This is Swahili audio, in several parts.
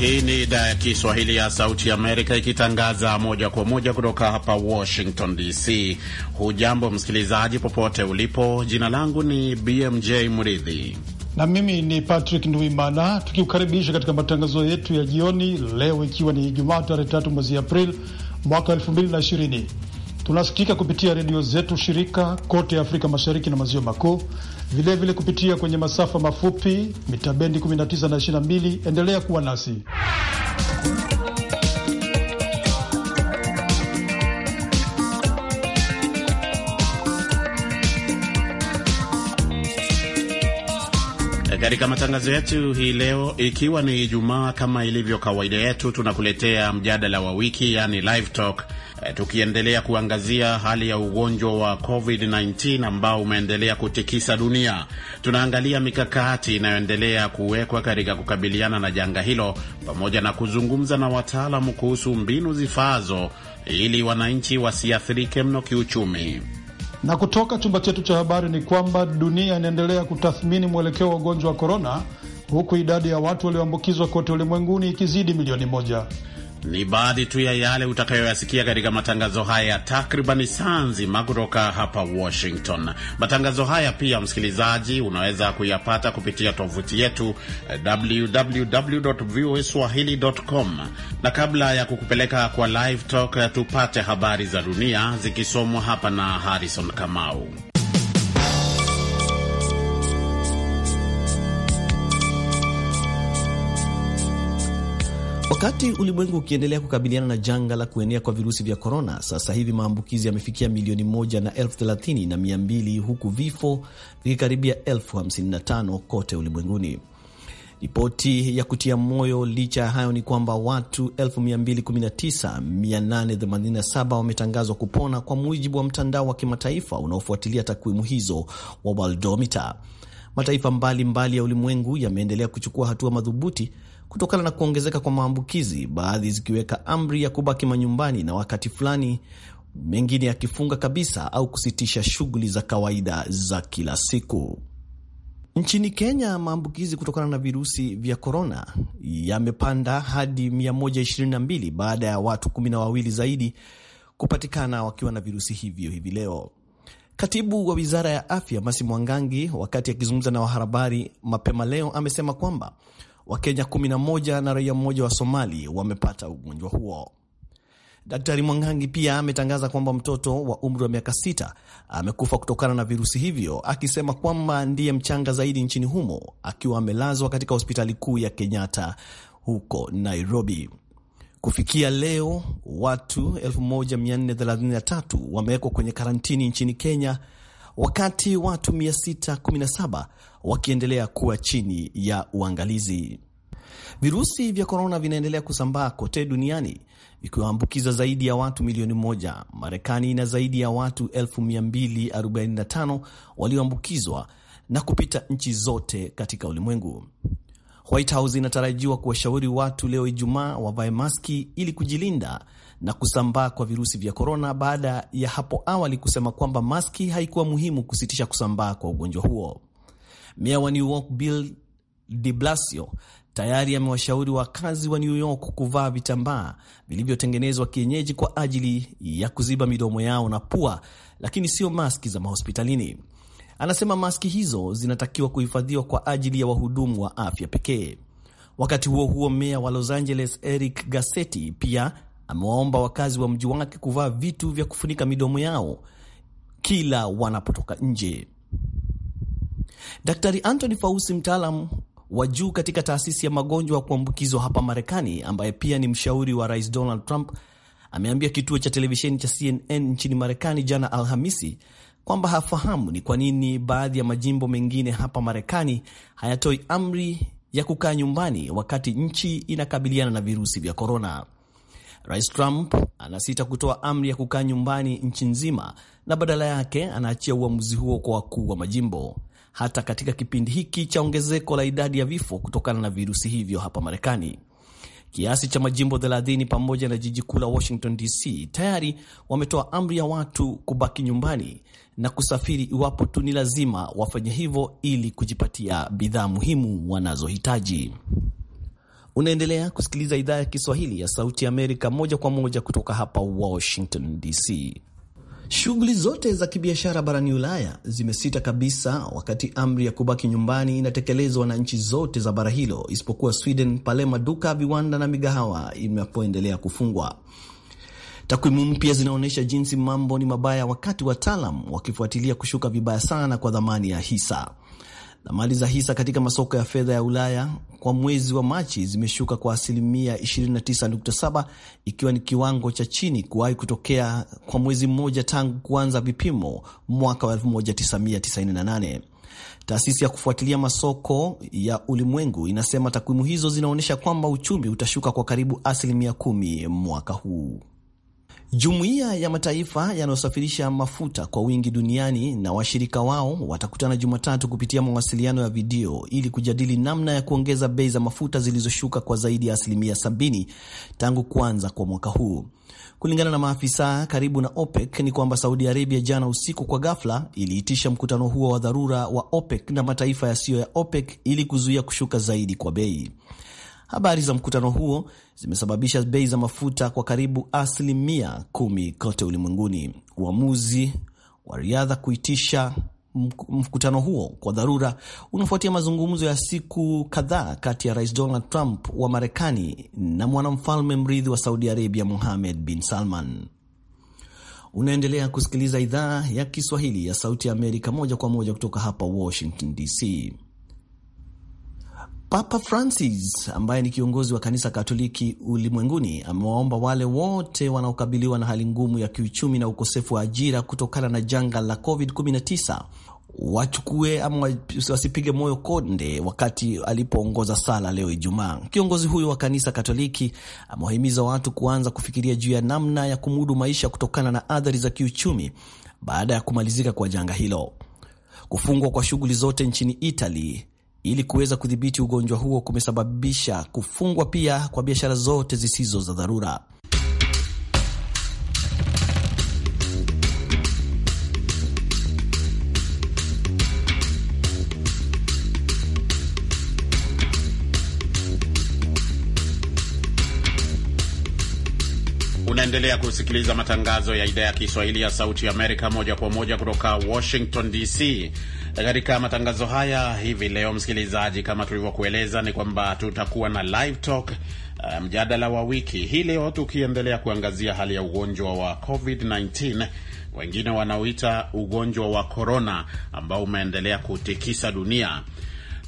Hii ni idhaa ya Kiswahili ya Sauti ya Amerika ikitangaza moja kwa moja kutoka hapa Washington DC. Hujambo msikilizaji, popote ulipo. Jina langu ni BMJ Mridhi na mimi ni Patrick Nduimana, tukiukaribisha katika matangazo yetu ya jioni leo, ikiwa ni Ijumaa tarehe 3 mwezi Aprili mwaka 2020. Tunasikika kupitia redio zetu shirika kote Afrika Mashariki na Maziwa Makuu, vilevile kupitia kwenye masafa mafupi mita bendi 19 na 22. Endelea kuwa nasi. Katika matangazo yetu hii leo, ikiwa ni Ijumaa, kama ilivyo kawaida yetu, tunakuletea mjadala wa wiki, yani live talk Eh, tukiendelea kuangazia hali ya ugonjwa wa COVID-19 ambao umeendelea kutikisa dunia. Tunaangalia mikakati inayoendelea kuwekwa katika kukabiliana na janga hilo pamoja na kuzungumza na wataalamu kuhusu mbinu zifaazo ili wananchi wasiathirike mno kiuchumi. Na kutoka chumba chetu cha habari ni kwamba dunia inaendelea kutathmini mwelekeo wa ugonjwa wa korona, huku idadi ya watu walioambukizwa kote ulimwenguni ikizidi milioni moja. Ni baadhi tu ya yale utakayoyasikia katika matangazo haya takribani saa nzima kutoka hapa Washington. Matangazo haya pia, msikilizaji, unaweza kuyapata kupitia tovuti yetu www.voaswahili.com, na kabla ya kukupeleka kwa live talk, tupate habari za dunia zikisomwa hapa na Harrison Kamau. Wakati ulimwengu ukiendelea kukabiliana na janga la kuenea kwa virusi vya korona, sasa hivi maambukizi yamefikia milioni moja na elfu thelathini na mia mbili huku vifo vikikaribia elfu hamsini na tano kote ulimwenguni. Ripoti ya kutia moyo licha ya hayo ni kwamba watu 219887 wametangazwa kupona kwa mujibu wa mtandao wa kimataifa unaofuatilia takwimu hizo wa Worldometer. Mataifa mbalimbali mbali ya ulimwengu yameendelea kuchukua hatua madhubuti kutokana na kuongezeka kwa maambukizi, baadhi zikiweka amri ya kubaki manyumbani na wakati fulani mengine yakifunga kabisa au kusitisha shughuli za kawaida za kila siku. Nchini Kenya, maambukizi kutokana na virusi vya korona yamepanda hadi 122 baada ya watu kumi na wawili zaidi kupatikana wakiwa na virusi hivyo hivi leo. Katibu wa wizara ya afya Masi Mwangangi, wakati akizungumza na wahabari mapema leo, amesema kwamba Wakenya 11 na raia mmoja wa Somali wamepata ugonjwa huo. Daktari Mwangangi pia ametangaza kwamba mtoto wa umri wa miaka sita amekufa kutokana na virusi hivyo, akisema kwamba ndiye mchanga zaidi nchini humo, akiwa amelazwa katika hospitali kuu ya Kenyatta huko Nairobi. Kufikia leo watu 1433 wamewekwa kwenye karantini nchini Kenya, wakati watu 617 wakiendelea kuwa chini ya uangalizi. Virusi vya korona vinaendelea kusambaa kote duniani vikiwaambukiza zaidi ya watu milioni moja. Marekani ina zaidi ya watu 245 walioambukizwa na kupita nchi zote katika ulimwengu. White House inatarajiwa kuwashauri watu leo Ijumaa wavae maski ili kujilinda na kusambaa kwa virusi vya korona, baada ya hapo awali kusema kwamba maski haikuwa muhimu kusitisha kusambaa kwa ugonjwa huo. Meya wa New York Bill de Blasio tayari amewashauri wakazi wa New York kuvaa vitambaa vilivyotengenezwa kienyeji kwa ajili ya kuziba midomo yao na pua, lakini sio maski za mahospitalini. Anasema maski hizo zinatakiwa kuhifadhiwa kwa ajili ya wahudumu wa afya pekee. Wakati huo huo, meya wa Los Angeles Eric Garcetti pia amewaomba wakazi wa mji wake kuvaa vitu vya kufunika midomo yao kila wanapotoka nje. Daktari Anthony Fauci, mtaalam wa juu katika taasisi ya magonjwa ya kuambukizwa hapa Marekani, ambaye pia ni mshauri wa Rais Donald Trump, ameambia kituo cha televisheni cha CNN nchini Marekani jana Alhamisi kwamba hafahamu ni kwa nini baadhi ya majimbo mengine hapa Marekani hayatoi amri ya kukaa nyumbani wakati nchi inakabiliana na virusi vya korona. Rais Trump anasita kutoa amri ya kukaa nyumbani nchi nzima na badala yake anaachia uamuzi huo kwa wakuu wa majimbo hata katika kipindi hiki cha ongezeko la idadi ya vifo kutokana na virusi hivyo hapa Marekani. Kiasi cha majimbo 30 pamoja na jiji kuu la Washington DC tayari wametoa amri ya watu kubaki nyumbani na kusafiri iwapo tu ni lazima wafanye hivyo ili kujipatia bidhaa muhimu wanazohitaji. Unaendelea kusikiliza idhaa ya Kiswahili ya Sauti Amerika moja kwa moja kutoka hapa Washington DC. Shughuli zote za kibiashara barani Ulaya zimesita kabisa, wakati amri ya kubaki nyumbani inatekelezwa na nchi zote za bara hilo isipokuwa Sweden, pale maduka, viwanda na migahawa inapoendelea kufungwa. Takwimu mpya zinaonyesha jinsi mambo ni mabaya, wakati wataalam wakifuatilia kushuka vibaya sana kwa dhamani ya hisa mali za hisa katika masoko ya fedha ya Ulaya kwa mwezi wa Machi zimeshuka kwa asilimia 29.7 ikiwa ni kiwango cha chini kuwahi kutokea kwa mwezi mmoja tangu kuanza vipimo mwaka wa 1998. Taasisi ya kufuatilia masoko ya ulimwengu inasema takwimu hizo zinaonyesha kwamba uchumi utashuka kwa karibu asilimia kumi mwaka huu. Jumuiya ya mataifa yanayosafirisha mafuta kwa wingi duniani na washirika wao watakutana Jumatatu kupitia mawasiliano ya video ili kujadili namna ya kuongeza bei za mafuta zilizoshuka kwa zaidi ya asilimia 70 tangu kuanza kwa mwaka huu. Kulingana na maafisa karibu na OPEC ni kwamba Saudi Arabia jana usiku kwa ghafla iliitisha mkutano huo wa dharura wa OPEC na mataifa yasiyo ya OPEC ili kuzuia kushuka zaidi kwa bei. Habari za mkutano huo zimesababisha bei za mafuta kwa karibu asilimia kumi kote ulimwenguni. Uamuzi wa riadha kuitisha mkutano huo kwa dharura unafuatia mazungumzo ya siku kadhaa kati ya Rais Donald Trump wa Marekani na mwanamfalme mrithi wa Saudi Arabia muhamed bin Salman. Unaendelea kusikiliza idhaa ya Kiswahili ya Sauti ya Amerika moja kwa moja kutoka hapa Washington DC. Papa Francis ambaye ni kiongozi wa kanisa Katoliki ulimwenguni amewaomba wale wote wanaokabiliwa na hali ngumu ya kiuchumi na ukosefu wa ajira kutokana na janga la COVID-19 wachukue ama wasipige moyo konde wakati alipoongoza sala leo Ijumaa. Kiongozi huyo wa kanisa Katoliki amewahimiza watu kuanza kufikiria juu ya namna ya kumudu maisha kutokana na athari za kiuchumi baada ya kumalizika kwa janga hilo. Kufungwa kwa shughuli zote nchini itali ili kuweza kudhibiti ugonjwa huo kumesababisha kufungwa pia kwa biashara zote zisizo za dharura. Unaendelea kusikiliza matangazo ya idhaa ya Kiswahili ya Sauti ya Amerika moja kwa moja kutoka Washington DC. Katika matangazo haya hivi leo, msikilizaji, kama tulivyokueleza ni kwamba tutakuwa na live talk, uh, mjadala wa wiki hii leo, tukiendelea kuangazia hali ya ugonjwa wa COVID-19 wengine wanaoita ugonjwa wa korona ambao umeendelea kutikisa dunia.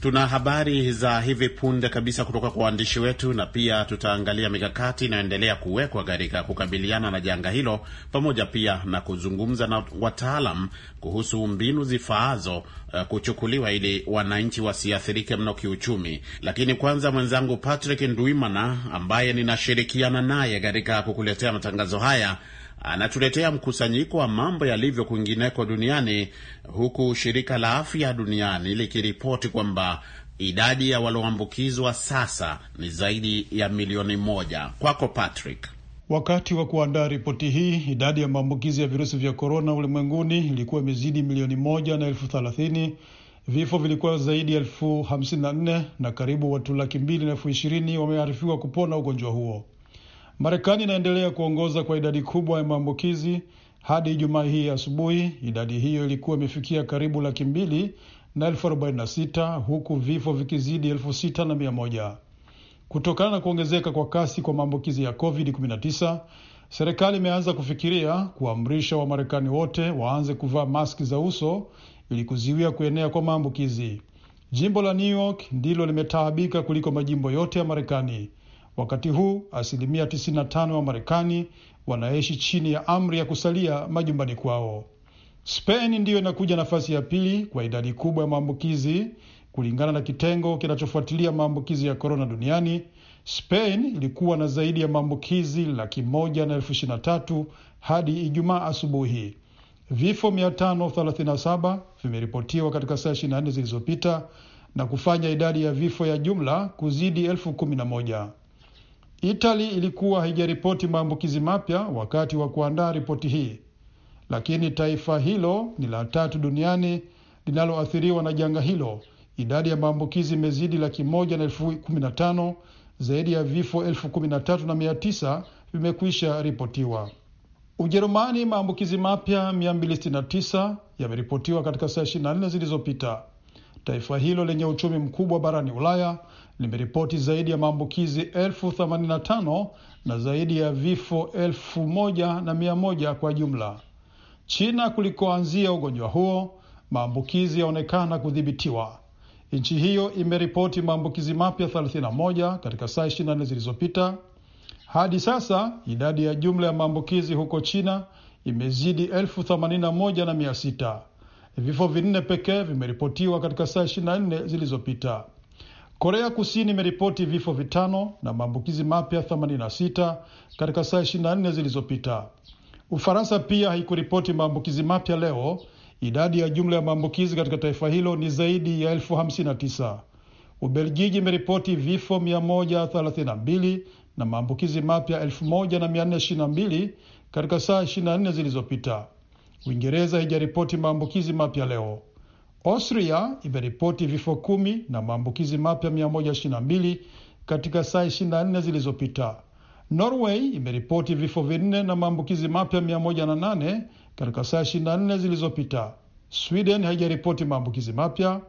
Tuna habari za hivi punde kabisa kutoka kwa waandishi wetu, na pia tutaangalia mikakati inayoendelea kuwekwa katika kukabiliana na janga hilo, pamoja pia na kuzungumza na wataalam kuhusu mbinu zifaazo uh, kuchukuliwa ili wananchi wasiathirike mno kiuchumi. Lakini kwanza, mwenzangu Patrick Ndwimana ambaye ninashirikiana naye katika kukuletea matangazo haya anatuletea mkusanyiko wa mambo yalivyo kwingineko duniani, huku shirika la afya duniani likiripoti kwamba idadi ya walioambukizwa sasa ni zaidi ya milioni moja. Kwako Patrick. Wakati wa kuandaa ripoti hii, idadi ya maambukizi ya virusi vya korona ulimwenguni ilikuwa imezidi milioni moja na elfu thelathini. Vifo vilikuwa zaidi ya elfu hamsini na nne na karibu watu laki mbili na elfu ishirini wamearifiwa kupona ugonjwa huo. Marekani inaendelea kuongoza kwa idadi kubwa ya maambukizi. Hadi Ijumaa hii asubuhi, idadi hiyo ilikuwa imefikia karibu laki mbili na elfu arobaini na sita huku vifo vikizidi elfu sita na mia moja. Kutokana na kuongezeka kwa kasi kwa maambukizi ya COVID-19, serikali imeanza kufikiria kuamrisha Wamarekani wote waanze kuvaa maski za uso ili kuziwia kuenea kwa maambukizi. Jimbo la New York ndilo limetaabika kuliko majimbo yote ya Marekani. Wakati huu asilimia 95 wa Marekani wanaishi chini ya amri ya kusalia majumbani kwao. Spain ndiyo inakuja nafasi ya pili kwa idadi kubwa ya maambukizi kulingana na kitengo kinachofuatilia maambukizi ya korona duniani. Spain ilikuwa na zaidi ya maambukizi laki moja na elfu ishirini na tatu hadi Ijumaa asubuhi. Vifo 537 vimeripotiwa katika saa 24 zilizopita na kufanya idadi ya vifo ya jumla kuzidi elfu kumi na moja. Itali ilikuwa haijaripoti maambukizi mapya wakati wa kuandaa ripoti hii, lakini taifa hilo ni la tatu duniani linaloathiriwa na janga hilo. Idadi ya maambukizi imezidi laki moja na elfu kumi na tano. Zaidi ya vifo elfu kumi na tatu na mia tisa vimekwisha ripotiwa. Ujerumani, maambukizi mapya 269 yameripotiwa katika saa 24 zilizopita. Taifa hilo lenye uchumi mkubwa barani Ulaya limeripoti zaidi ya maambukizi elfu themanini na tano na zaidi ya vifo elfu moja na mia moja kwa jumla. China kulikoanzia ugonjwa huo, maambukizi yaonekana kudhibitiwa. Nchi hiyo imeripoti maambukizi mapya 31 katika saa 24 zilizopita. Hadi sasa idadi ya jumla ya maambukizi huko China imezidi elfu themanini na moja na mia sita. Vifo vinne pekee vimeripotiwa katika saa 24 zilizopita. Korea Kusini imeripoti vifo vitano na maambukizi mapya 86 katika saa 24 zilizopita. Ufaransa pia haikuripoti maambukizi mapya leo. Idadi ya jumla ya maambukizi katika taifa hilo ni zaidi ya elfu 59. Ubelgiji imeripoti vifo 132 na maambukizi mapya 1422 katika saa 24 zilizopita. Uingereza haijaripoti maambukizi mapya leo. Austria imeripoti vifo kumi na maambukizi mapya 122 katika saa 24 zilizopita. Norway imeripoti vifo vinne na maambukizi mapya 108 katika saa 24 zilizopita. Sweden haijaripoti maambukizi mapya.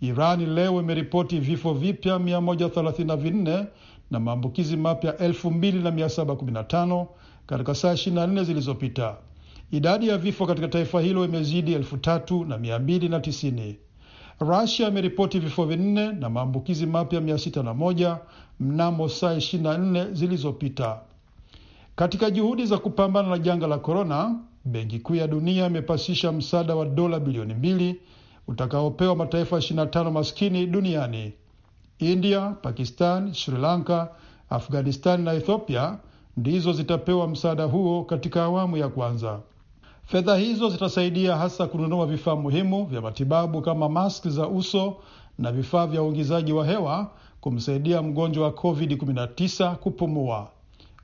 Irani leo imeripoti vifo vipya 134 na maambukizi mapya 2715 katika saa 24 zilizopita. Idadi ya vifo katika taifa hilo imezidi elfu tatu na mia mbili na tisini. Rusia imeripoti vifo vinne na maambukizi mapya mia sita na moja mnamo saa 24 zilizopita. Katika juhudi za kupambana na janga la korona, Benki Kuu ya Dunia imepasisha msaada wa dola bilioni mbili utakaopewa mataifa 25 maskini duniani. India, Pakistan, Sri Lanka, Afghanistan na Ethiopia ndizo zitapewa msaada huo katika awamu ya kwanza. Fedha hizo zitasaidia hasa kununua vifaa muhimu vya matibabu kama maski za uso na vifaa vya uingizaji wa hewa kumsaidia mgonjwa wa COVID-19 kupumua.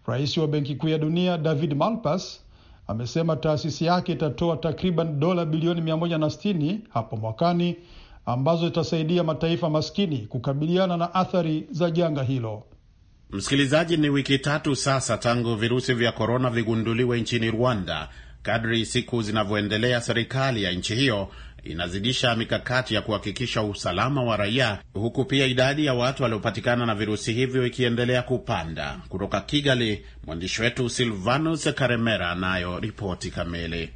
Rais wa Benki Kuu ya Dunia David Malpass amesema taasisi yake itatoa takriban dola bilioni 160 hapo mwakani ambazo zitasaidia mataifa maskini kukabiliana na athari za janga hilo. Msikilizaji, ni wiki tatu sasa tangu virusi vya korona vigunduliwe nchini Rwanda Kadri siku zinavyoendelea, serikali ya nchi hiyo inazidisha mikakati ya kuhakikisha usalama wa raia, huku pia idadi ya watu waliopatikana na virusi hivyo ikiendelea kupanda. Kutoka Kigali, mwandishi wetu Silvanus Karemera anayo ripoti kamili.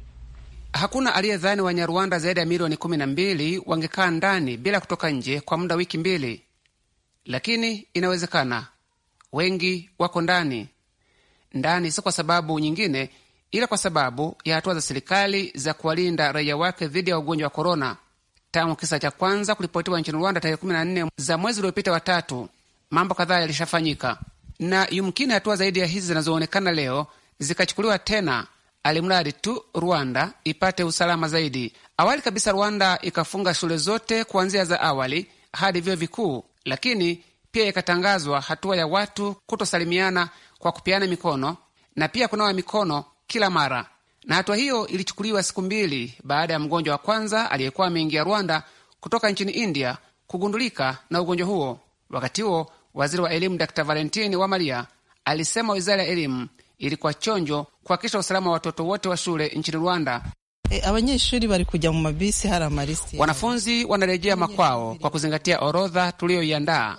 Hakuna aliyedhani Wanyarwanda zaidi ya milioni kumi na mbili wangekaa ndani bila kutoka nje kwa muda wiki mbili, lakini inawezekana. Wengi wako ndani ndani, si kwa sababu nyingine ila kwa sababu ya hatua za serikali za kuwalinda raia wake dhidi ya ugonjwa wa korona. Tangu kisa cha kwanza kulipotiwa nchini Rwanda tarehe kumi na nne za mwezi uliopita watatu, mambo kadhaa yalishafanyika na yumkini hatua zaidi ya hizi zinazoonekana leo zikachukuliwa tena, alimradi tu Rwanda ipate usalama zaidi. Awali kabisa Rwanda ikafunga shule zote kuanzia za awali hadi vyuo vikuu, lakini pia ikatangazwa hatua ya watu kutosalimiana kwa kupeana mikono na pia kunawa mikono kila mara, na hatua hiyo ilichukuliwa siku mbili baada ya mgonjwa wa kwanza aliyekuwa ameingia Rwanda kutoka nchini India kugundulika na ugonjwa huo. Wakati huo waziri wa elimu Dr Valentini Wamaria alisema wizara ya elimu ilikuwa chonjo kuhakikisha usalama wa watoto wote wa shule nchini Rwanda. E, abanyeshuri bari kuja mu mabisi hari amalisi. Wanafunzi wanarejea makwao kwa kuzingatia orodha tuliyoiandaa.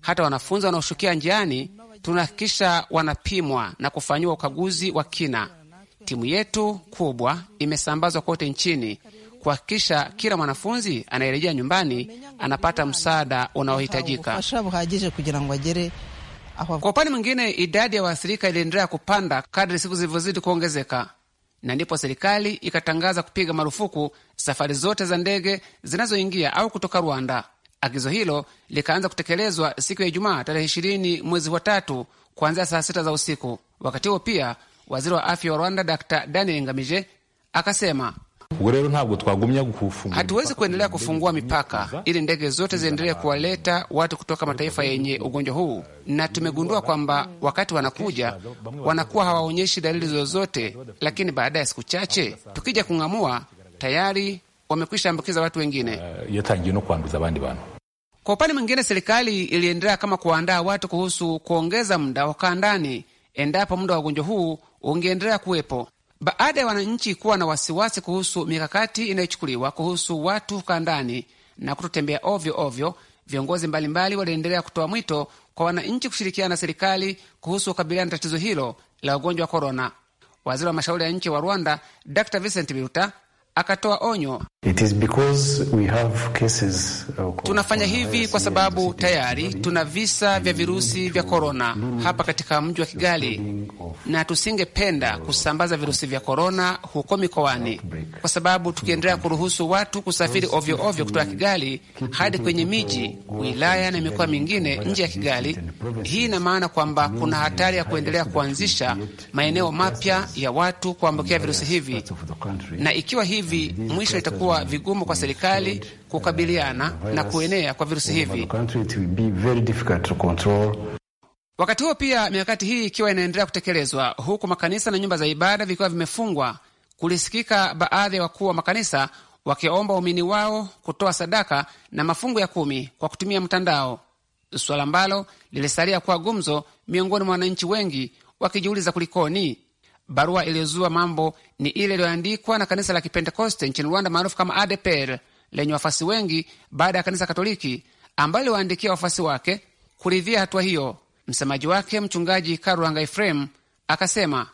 Hata wanafunzi wanaoshukia njiani tunahakikisha wanapimwa na kufanyiwa ukaguzi wa kina timu yetu kubwa imesambazwa kote nchini kuhakikisha kila mwanafunzi anayerejea nyumbani anapata msaada unaohitajika. Kwa upande mwingine, idadi ya waathirika iliendelea kupanda kadri siku zilivyozidi kuongezeka, na ndipo serikali ikatangaza kupiga marufuku safari zote za ndege zinazoingia au kutoka Rwanda. Agizo hilo likaanza kutekelezwa siku ya Ijumaa tarehe 20 mwezi wa tatu kuanzia saa sita za usiku. Wakati huo pia Waziri wa afya wa Rwanda Dr Daniel Ngamije akasema hatuwezi kuendelea kufungua mipaka ili ndege zote ziendelee kuwaleta watu kutoka mataifa yenye ugonjwa huu, na tumegundua kwamba wakati wanakuja wanakuwa hawaonyeshi dalili zozote, lakini baada ya siku chache tukija kung'amua, tayari wamekwisha ambukiza watu wengine. Eh, Kwa upande mwingine, serikali iliendelea kama kuwaandaa watu kuhusu kuongeza muda wa kaa ndani endapo muda wa ugonjwa huu ungeendelea kuwepo. Baada ya wananchi kuwa na wasiwasi kuhusu mikakati inayochukuliwa kuhusu watu kukaa ndani na kutotembea ovyo ovyo, viongozi mbalimbali waliendelea kutoa mwito kwa wananchi kushirikiana na serikali kuhusu kukabiliana na tatizo hilo la ugonjwa wa korona. Waziri wa mashauri ya nchi wa Rwanda Dr Vincent Biruta akatoa onyo, It is because we have cases uh, tunafanya hivi kwa sababu tayari tuna visa vya virusi vya korona hapa katika mji wa Kigali, na tusingependa kusambaza virusi vya korona huko mikoani, kwa sababu tukiendelea kuruhusu watu kusafiri ovyo ovyo kutoka Kigali hadi kwenye miji, wilaya na mikoa mingine nje ya Kigali, hii ina maana kwamba kuna hatari ya kuendelea kuanzisha maeneo mapya ya watu kuambukia virusi hivi, na ikiwa hivi hivi, mwisho itakuwa vigumu kwa serikali kukabiliana na kuenea kwa virusi hivi. Wakati huo pia, mikakati hii ikiwa inaendelea kutekelezwa, huku makanisa na nyumba za ibada vikiwa vimefungwa, kulisikika baadhi ya wakuu wa makanisa wakiomba waumini wao kutoa sadaka na mafungu ya kumi kwa kutumia mtandao, suala ambalo lilisalia kuwa gumzo miongoni mwa wananchi wengi wakijiuliza kulikoni barua iliyozua mambo ni ile iliyoandikwa na kanisa la Kipentekoste nchini Rwanda maarufu kama adpr lenye wafuasi wengi baada ya kanisa Katoliki ambayo iliwaandikia wafuasi wake kuridhia hatua hiyo. Msemaji wake mchungaji Karuhanga Efrem akasema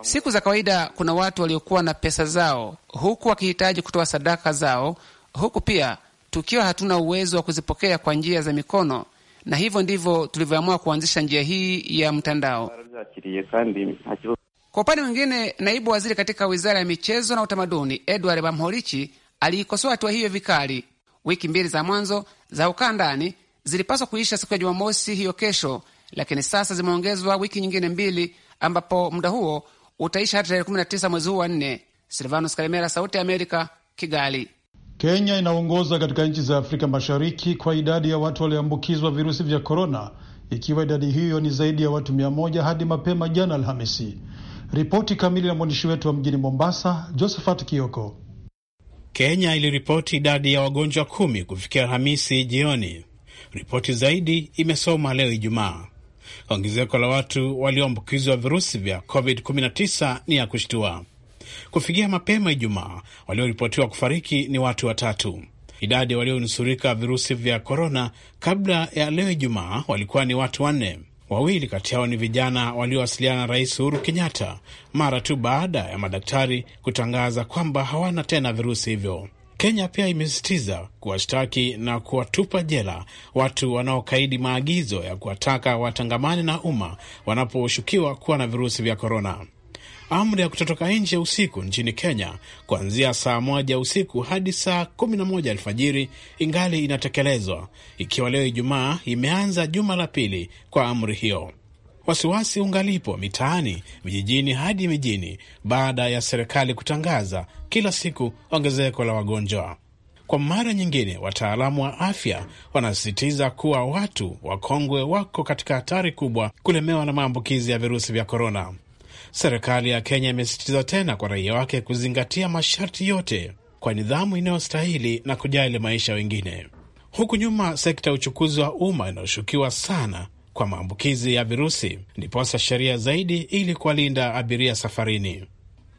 siku za kawaida kuna watu waliokuwa na pesa zao huku wakihitaji kutoa sadaka zao, huku pia tukiwa hatuna uwezo wa kuzipokea kwa njia za mikono na hivyo ndivyo tulivyoamua kuanzisha njia hii ya mtandao. Kwa upande mwingine, naibu waziri katika wizara ya michezo na utamaduni Edward Bamholichi aliikosoa hatua hiyo vikali. Wiki mbili za mwanzo za ukaa ndani zilipaswa kuisha siku ya Jumamosi hiyo kesho, lakini sasa zimeongezwa wiki nyingine mbili, ambapo muda huo utaisha hadi tarehe 19 mwezi huu wa nne. Silvanus Kalemera, Sauti ya Amerika, Kigali. Kenya inaongoza katika nchi za Afrika Mashariki kwa idadi ya watu walioambukizwa virusi vya korona, ikiwa idadi hiyo ni zaidi ya watu mia moja hadi mapema jana Alhamisi. Ripoti kamili na mwandishi wetu wa mjini Mombasa, Josephat Kioko. Kenya iliripoti idadi ya wagonjwa kumi kufikia Alhamisi jioni. Ripoti zaidi imesoma leo Ijumaa. Ongezeko la watu walioambukizwa virusi vya COVID-19 ni ya kushtua. Kufikia mapema Ijumaa, walioripotiwa kufariki ni watu watatu. Idadi walionusurika virusi vya korona kabla ya leo Ijumaa walikuwa ni watu wanne. Wawili kati yao ni vijana waliowasiliana na Rais Uhuru Kenyatta mara tu baada ya madaktari kutangaza kwamba hawana tena virusi hivyo. Kenya pia imesisitiza kuwashtaki na kuwatupa jela watu wanaokaidi maagizo ya kuwataka watangamane na umma wanaposhukiwa kuwa na virusi vya korona amri ya kutotoka nje usiku nchini Kenya kuanzia saa moja usiku hadi saa kumi na moja alfajiri ingali inatekelezwa, ikiwa leo Ijumaa imeanza juma la pili kwa amri hiyo. Wasiwasi ungalipo mitaani, vijijini hadi mijini, baada ya serikali kutangaza kila siku ongezeko la wagonjwa. Kwa mara nyingine, wataalamu wa afya wanasisitiza kuwa watu wakongwe wako katika hatari kubwa kulemewa na maambukizi ya virusi vya korona. Serikali ya Kenya imesisitiza tena kwa raia wake kuzingatia masharti yote kwa nidhamu inayostahili na kujali maisha wengine. Huku nyuma, sekta ya uchukuzi wa umma inayoshukiwa sana kwa maambukizi ya virusi, ndiposa sheria zaidi ili kuwalinda abiria safarini.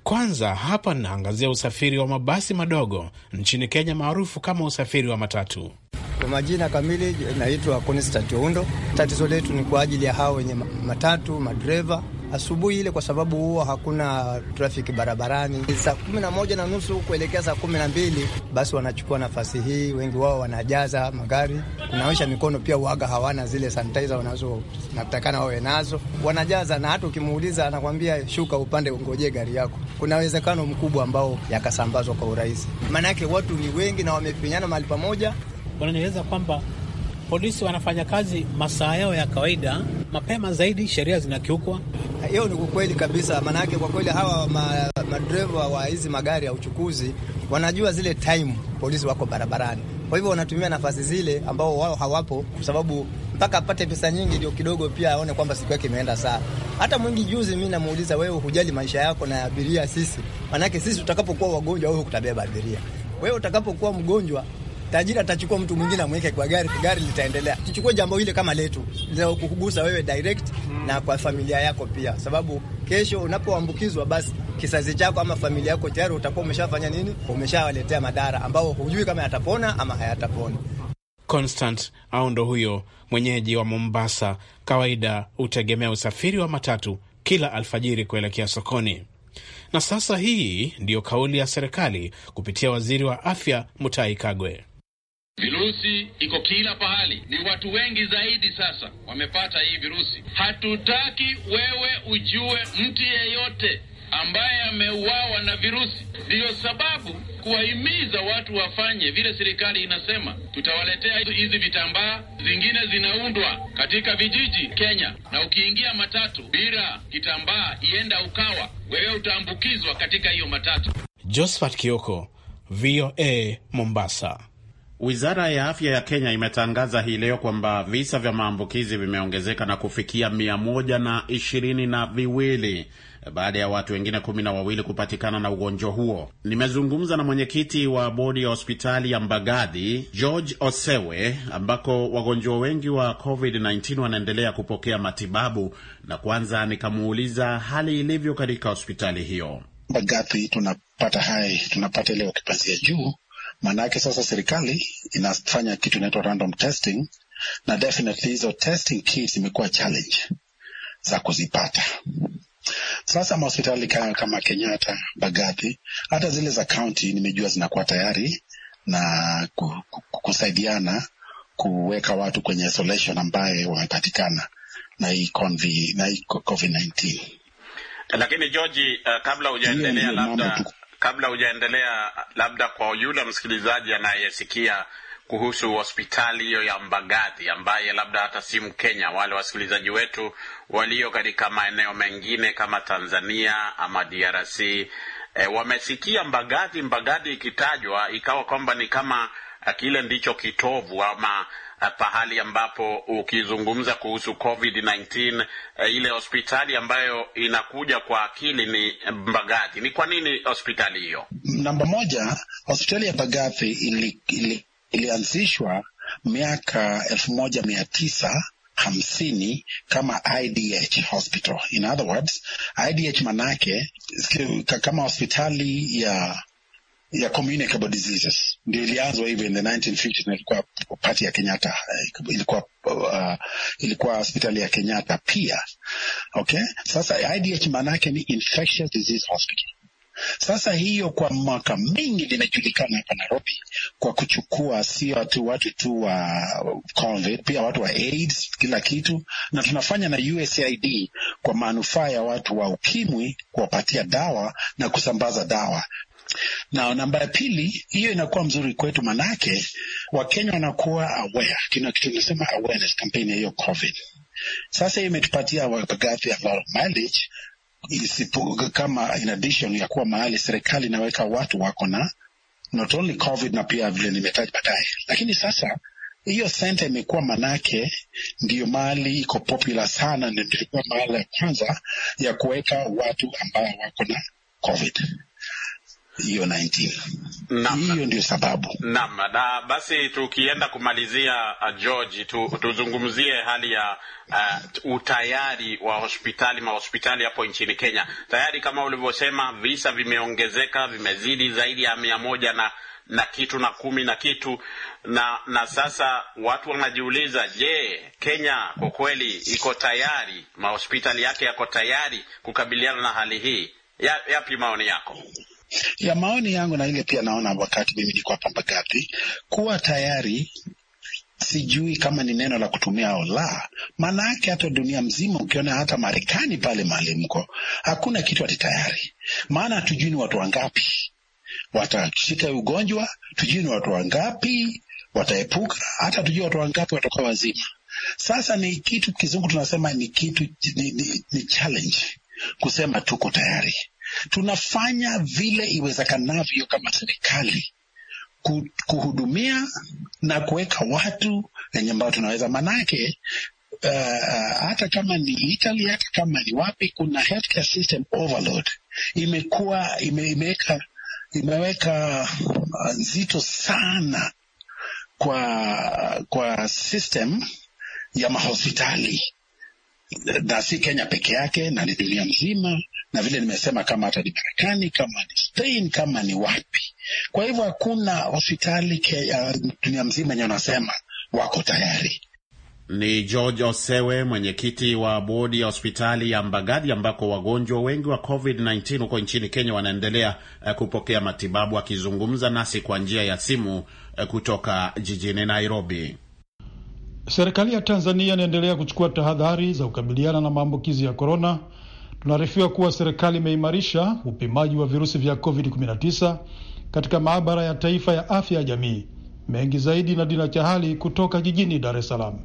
Kwanza hapa ninaangazia usafiri wa mabasi madogo nchini Kenya, maarufu kama usafiri wa matatu. Kwa majina kamili, naitwa Constantine Oundo. Tatizo letu ni kwa ajili ya hao wenye matatu, madereva asubuhi ile, kwa sababu huwa hakuna trafiki barabarani. Saa kumi na moja na nusu kuelekea saa kumi na mbili basi wanachukua nafasi hii, wengi wao wanajaza magari, kunaosha mikono pia uaga hawana zile sanitizer wanazo natakana wawe nazo, wanajaza na hata ukimuuliza anakwambia shuka upande ungojee gari yako. Kuna uwezekano mkubwa ambao yakasambazwa kwa urahisi, maanake watu ni wengi na wamefinyana mahali pamoja, wananieleza kwamba polisi wanafanya kazi masaa yao ya kawaida, mapema zaidi, sheria zinakiukwa. Hiyo ni ukweli kabisa, maanake kwa kweli hawa ma, madereva wa hizi magari ya uchukuzi wanajua zile time polisi wako barabarani, kwa hivyo wanatumia nafasi zile ambao wao hawapo, kwa sababu mpaka apate pesa nyingi ndio kidogo pia aone kwamba siku yake imeenda sawa. Hata mwingi juzi, mi namuuliza wewe, hujali maisha yako na abiria sisi? Maanake sisi tutakapokuwa wagonjwa, wewe kutabeba abiria. Wewe utakapokuwa mgonjwa tajiri atachukua mtu mwingine amweke kwa gari, gari litaendelea. Tuchukue jambo hili kama letu leo kukugusa wewe direct hmm. na kwa familia yako pia, sababu kesho unapoambukizwa basi kisazi chako ama familia yako tayari utakuwa umeshafanya nini, umeshawaletea madhara ambao hujui kama yatapona ama hayatapona. Constant au ndo huyo mwenyeji wa Mombasa, kawaida hutegemea usafiri wa matatu kila alfajiri kuelekea sokoni. Na sasa hii ndiyo kauli ya serikali kupitia waziri wa afya Mutahi Kagwe. Virusi iko kila pahali, ni watu wengi zaidi sasa wamepata hii virusi. Hatutaki wewe ujue mtu yeyote ambaye ameuawa na virusi. Ndiyo sababu kuwahimiza watu wafanye vile serikali inasema. Tutawaletea hizi vitambaa, zingine zinaundwa katika vijiji Kenya, na ukiingia matatu bila kitambaa, ienda ukawa wewe utaambukizwa katika hiyo matatu. Josephat Kioko, VOA, Mombasa. Wizara ya afya ya Kenya imetangaza hii leo kwamba visa vya maambukizi vimeongezeka na kufikia mia moja na ishirini na viwili baada ya watu wengine kumi na wawili kupatikana na ugonjwa huo. Nimezungumza na mwenyekiti wa bodi ya hospitali ya mbagadhi George Osewe, ambako wagonjwa wengi wa COVID-19 wanaendelea kupokea matibabu, na kwanza nikamuuliza hali ilivyo katika hospitali hiyo. Mbagathi tunapata hai tunapata ile wakipanzia juu Maanake sasa serikali inafanya kitu inaitwa random testing, na definitely hizo testing kits imekuwa challenge za kuzipata. Sasa mahospitali kama Kenyatta, Bagathi, hata zile za kaunti nimejua zinakuwa tayari na kusaidiana kuweka watu kwenye isolation ambaye wamepatikana na hii COVID-19. Lakini George, uh, kabla hujaendelea labda kabla hujaendelea, labda kwa yule msikilizaji anayesikia kuhusu hospitali hiyo ya Mbagathi ambaye labda hata si Mkenya, wale wasikilizaji wetu walio katika maeneo mengine kama Tanzania ama DRC e, eh, wamesikia Mbagathi, Mbagathi ikitajwa ikawa kwamba ni kama kile ndicho kitovu ama Eh, pahali ambapo ukizungumza kuhusu COVID-19 eh, ile hospitali ambayo inakuja kwa akili ni Mbagathi. Ni kwa nini hospitali hiyo? Namba moja, hospitali ya Mbagathi ili, ili, ilianzishwa miaka elfu moja mia tisa hamsini kama IDH hospital. In other words, IDH manake kama hospitali ya ya communicable diseases ndio ilianzwa hivyo in the 1950 na ilikuwa pati ya Kenyatta, eh, ilikuwa uh, ilikuwa hospitali ya Kenyatta pia. Okay, sasa IDH maanake ni infectious disease hospital. Sasa hiyo kwa mwaka mingi limejulikana hapa Nairobi kwa kuchukua sio tu watu tu wa COVID, pia watu wa AIDS, kila kitu, na tunafanya na USAID kwa manufaa ya watu wa ukimwi, kuwapatia dawa na kusambaza dawa na namba ya pili, hiyo inakuwa mzuri kwetu, manake Wakenya wanakuwa aware, kina kitu tunasema awareness campaign ya hiyo COVID. Sasa hiyo imetupatia wapagathi a mileage isipo, kama in addition ya kuwa mahali serikali inaweka watu wako na not only COVID na pia vile nimetaja baadaye, lakini sasa hiyo senta imekuwa manake ndiyo mahali iko popular sana, na ndio mahali ya kwanza ya kuweka watu ambao wako na COVID hiyo 19 hiyo ndio sababu naam. Na basi tukienda kumalizia uh, George tu, tuzungumzie hali ya uh, utayari wa hospitali mahospitali hapo nchini Kenya. Tayari kama ulivyosema, visa vimeongezeka, vimezidi zaidi ya mia moja na na kitu na kumi na kitu na na sasa watu wanajiuliza, je, Kenya kwa kweli iko tayari? Mahospitali yake yako tayari kukabiliana na hali hii? Yapi ya maoni yako? ya maoni yangu, na ile pia naona wakati mimi niko hapa Mbagathi, kuwa tayari sijui kama ni neno la kutumia au la. Maana yake hata dunia mzima ukiona, hata Marekani pale mahali mko, hakuna kitu ati tayari, maana hatujui ni watu wangapi watashika ugonjwa, tujui ni watu wangapi wataepuka, hata tujui watu wangapi watakuwa wazima. Sasa ni kitu kizungu tunasema ni kitu ni, ni, ni challenge kusema tuko tayari Tunafanya vile iwezekanavyo kama serikali kuhudumia na kuweka watu wenye ambao tunaweza manake Uh, hata kama ni Italy, hata kama ni wapi, kuna healthcare system overload imekuwa ime, imeweka imeweka nzito sana kwa kwa system ya mahospitali na si Kenya peke yake, na ni dunia mzima, na vile nimesema, kama hata ni Marekani, kama ni Spain, kama ni wapi. Kwa hivyo hakuna hospitali dunia mzima yenye wanasema wako tayari. Ni George Osewe, mwenyekiti wa bodi ya hospitali ya Mbagadi, ambako wagonjwa wengi wa COVID-19 huko nchini Kenya wanaendelea eh, kupokea matibabu, akizungumza nasi kwa njia ya simu eh, kutoka jijini Nairobi. Serikali ya Tanzania inaendelea kuchukua tahadhari za kukabiliana na maambukizi ya korona. Tunaarifiwa kuwa serikali imeimarisha upimaji wa virusi vya COVID-19 katika maabara ya taifa ya afya ya jamii. Mengi zaidi na Dina Chahali kutoka jijini Dar es Salaam.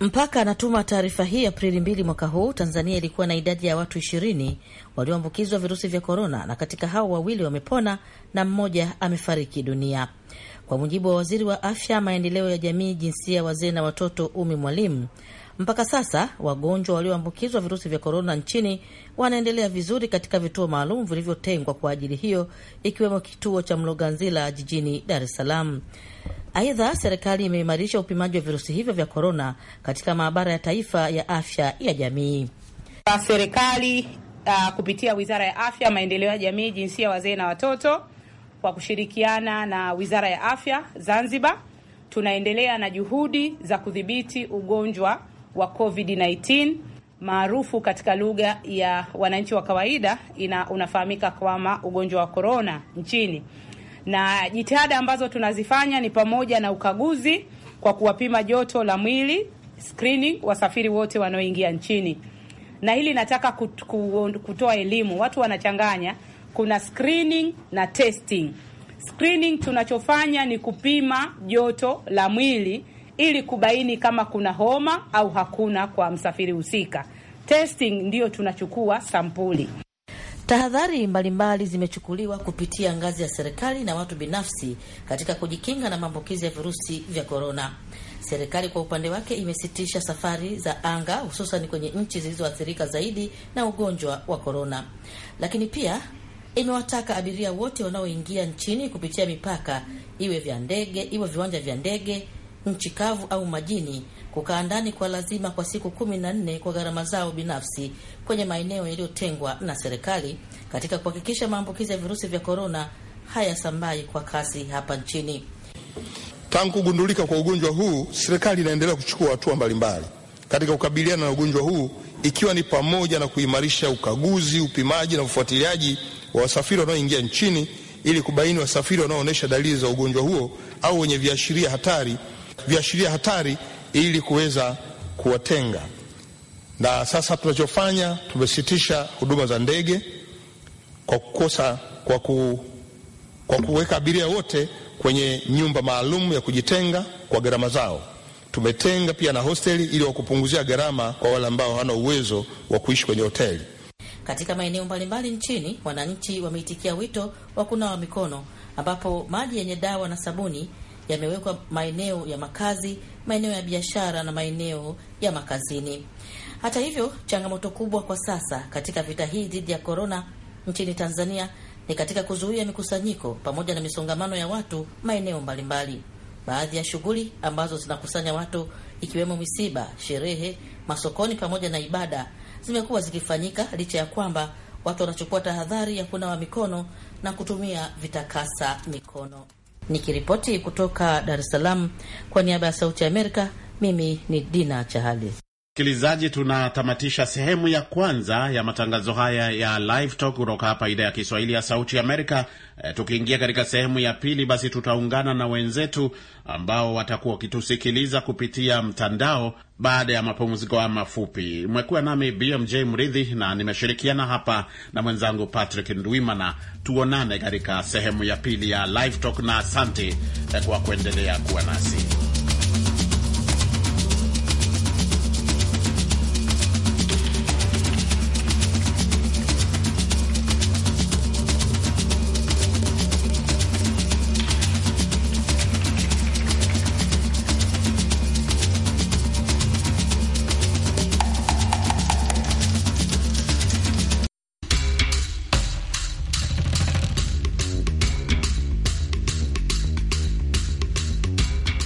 Mpaka anatuma taarifa hii Aprili mbili mwaka huu, Tanzania ilikuwa na idadi ya watu ishirini walioambukizwa virusi vya korona, na katika hao wawili wamepona na mmoja amefariki dunia. Kwa mujibu wa waziri wa afya, maendeleo ya jamii, jinsia, wazee na watoto, Umi Mwalimu, mpaka sasa wagonjwa walioambukizwa virusi vya korona nchini wanaendelea vizuri katika vituo maalum vilivyotengwa kwa ajili hiyo, ikiwemo kituo cha Mloganzila jijini Dar es Salaam. Aidha, serikali imeimarisha upimaji wa virusi hivyo vya korona katika maabara ya taifa ya afya ya jamii. Serikali uh, kupitia wizara ya afya, maendeleo ya jamii, jinsia, wazee na watoto kwa kushirikiana na Wizara ya Afya Zanzibar tunaendelea na juhudi za kudhibiti ugonjwa wa COVID-19 maarufu katika lugha ya wananchi wa kawaida ina unafahamika kama ugonjwa wa korona nchini. Na jitihada ambazo tunazifanya ni pamoja na ukaguzi kwa kuwapima joto la mwili, screening wasafiri wote wanaoingia nchini. Na hili nataka kutoa elimu, watu wanachanganya kuna screening na testing. Screening tunachofanya ni kupima joto la mwili ili kubaini kama kuna homa au hakuna kwa msafiri husika. Testing ndiyo tunachukua sampuli. Tahadhari mbalimbali zimechukuliwa kupitia ngazi ya serikali na watu binafsi katika kujikinga na maambukizi ya virusi vya korona. Serikali kwa upande wake imesitisha safari za anga, hususan kwenye nchi zilizoathirika zaidi na ugonjwa wa korona, lakini pia imewataka abiria wote wanaoingia nchini kupitia mipaka, iwe vya ndege, iwe viwanja vya ndege, nchi kavu au majini, kukaa ndani kwa lazima kwa siku kumi na nne kwa gharama zao binafsi kwenye maeneo yaliyotengwa na serikali katika kuhakikisha maambukizi ya virusi vya korona hayasambai kwa kasi hapa nchini. Tangu kugundulika kwa ugonjwa huu, serikali inaendelea kuchukua hatua mbalimbali katika kukabiliana na ugonjwa huu, ikiwa ni pamoja na kuimarisha ukaguzi, upimaji na ufuatiliaji wa wasafiri wanaoingia nchini ili kubaini wasafiri wanaoonyesha dalili za ugonjwa huo au wenye viashiria hatari, viashiria hatari ili kuweza kuwatenga. Na sasa tunachofanya, tumesitisha huduma za ndege kwa kukosa kwa, ku, kwa kuweka abiria wote kwenye nyumba maalum ya kujitenga kwa gharama zao. Tumetenga pia na hosteli ili wakupunguzia gharama kwa wale ambao hawana uwezo wa kuishi kwenye hoteli. Katika maeneo mbalimbali nchini, wananchi wameitikia wito wa kunawa mikono, ambapo maji yenye dawa na sabuni yamewekwa maeneo ya makazi, maeneo ya biashara na maeneo ya makazini. Hata hivyo, changamoto kubwa kwa sasa katika vita hii dhidi ya korona nchini Tanzania ni katika kuzuia mikusanyiko pamoja na misongamano ya watu maeneo mbalimbali. Baadhi ya shughuli ambazo zinakusanya watu ikiwemo misiba, sherehe, masokoni pamoja na ibada zimekuwa zikifanyika licha ya kwamba watu wanachukua tahadhari ya kunawa mikono na kutumia vitakasa mikono. Nikiripoti kutoka Dar es Salaam kwa niaba ya Sauti ya Amerika, mimi ni Dina Chahali. Msikilizaji, tunatamatisha sehemu ya kwanza ya matangazo haya ya Live Talk kutoka hapa idhaa ya Kiswahili ya Sauti Amerika. E, tukiingia katika sehemu ya pili, basi tutaungana na wenzetu ambao watakuwa wakitusikiliza kupitia mtandao baada ya mapumziko haya mafupi. Mmekuwa nami BMJ Mridhi na nimeshirikiana hapa na mwenzangu Patrick Ndwimana. Tuonane katika sehemu ya pili ya Live Talk na asante e, kwa kuendelea kuwa nasi.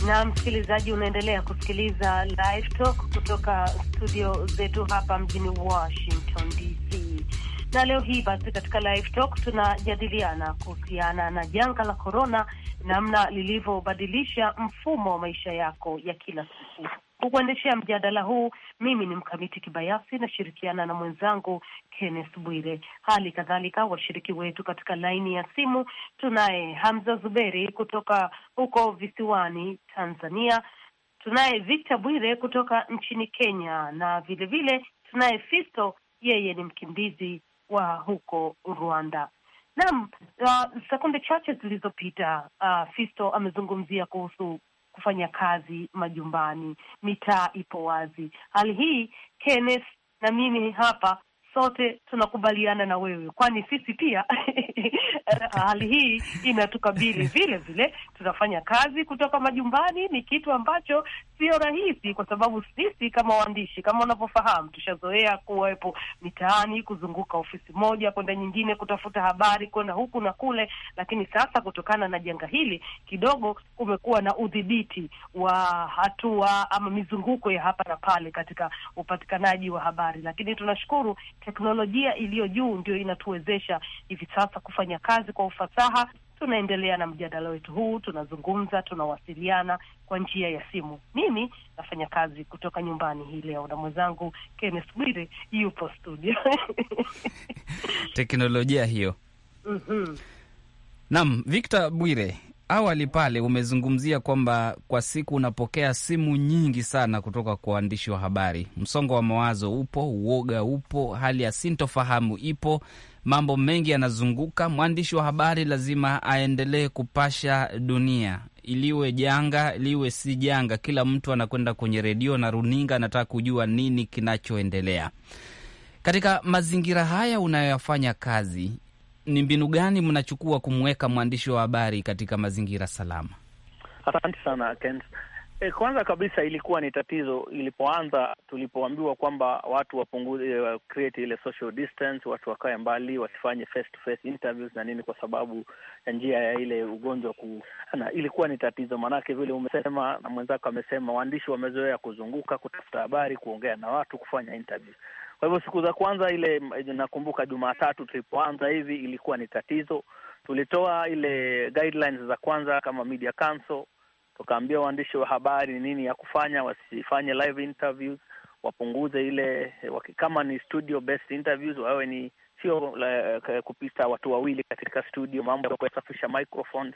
na msikilizaji, unaendelea kusikiliza Live Talk kutoka studio zetu hapa mjini Washington DC, na leo hii basi katika Live Talk tunajadiliana kuhusiana na janga la korona, namna lilivyobadilisha mfumo wa maisha yako ya kila siku. Kukuendeshea mjadala huu mimi ni Mkamiti Kibayasi, nashirikiana na mwenzangu Kenneth Bwire. Hali kadhalika washiriki wetu katika laini ya simu tunaye Hamza Zuberi kutoka huko visiwani Tanzania, tunaye Victor Bwire kutoka nchini Kenya, na vilevile tunaye Fisto, yeye ni mkimbizi wa huko Rwanda. Naam, uh, sekunde chache zilizopita uh, Fisto amezungumzia kuhusu kufanya kazi majumbani, mitaa ipo wazi. Hali hii Kenneth na mimi hapa sote tunakubaliana na wewe, kwani sisi pia hali hii inatukabili vile vile. Tunafanya kazi kutoka majumbani, ni kitu ambacho sio rahisi, kwa sababu sisi kama waandishi, kama unavyofahamu, tushazoea kuwepo mitaani, kuzunguka ofisi moja kwenda nyingine, kutafuta habari, kwenda huku na kule. Lakini sasa kutokana na janga hili kidogo kumekuwa na udhibiti wa hatua ama mizunguko ya hapa na pale katika upatikanaji wa habari, lakini tunashukuru teknolojia iliyo juu ndio inatuwezesha hivi sasa kufanya kazi kwa ufasaha. Tunaendelea na mjadala wetu huu, tunazungumza, tunawasiliana kwa njia ya simu. Mimi nafanya kazi kutoka nyumbani hii leo na mwenzangu Kenneth Bwire yupo studio teknolojia hiyo. mm -hmm. Naam, Victor Bwire, awali pale umezungumzia kwamba kwa siku unapokea simu nyingi sana kutoka kwa waandishi wa habari. Msongo wa mawazo upo, uoga upo, hali ya sintofahamu ipo, mambo mengi yanazunguka. Mwandishi wa habari lazima aendelee kupasha dunia, iliwe janga liwe si janga. Kila mtu anakwenda kwenye redio na runinga, anataka kujua nini kinachoendelea. Katika mazingira haya unayoyafanya kazi, ni mbinu gani mnachukua kumweka mwandishi wa habari katika mazingira salama? Asante sana Ken. E, eh, kwanza kabisa ilikuwa ni tatizo ilipoanza, tulipoambiwa kwamba watu wapunguze, uh, create ile social distance, watu wakae mbali, wasifanye face to face interviews na nini, kwa sababu ya njia ya ile ugonjwa ku, na ilikuwa ni tatizo, maanake vile umesema na mwenzako amesema, waandishi wamezoea kuzunguka, kutafuta habari, kuongea na watu, kufanya interviews kwa hivyo siku za kwanza ile, eh, nakumbuka Jumatatu tulipoanza hivi, ilikuwa ni tatizo. Tulitoa ile guidelines za kwanza kama Media Council, tukaambia waandishi wa habari nini ya kufanya, wasifanye live interviews, wapunguze ile, eh, kama ni studio based interviews wawe ni sio eh, kupita watu wawili katika studio, mambo ya kusafisha microphones,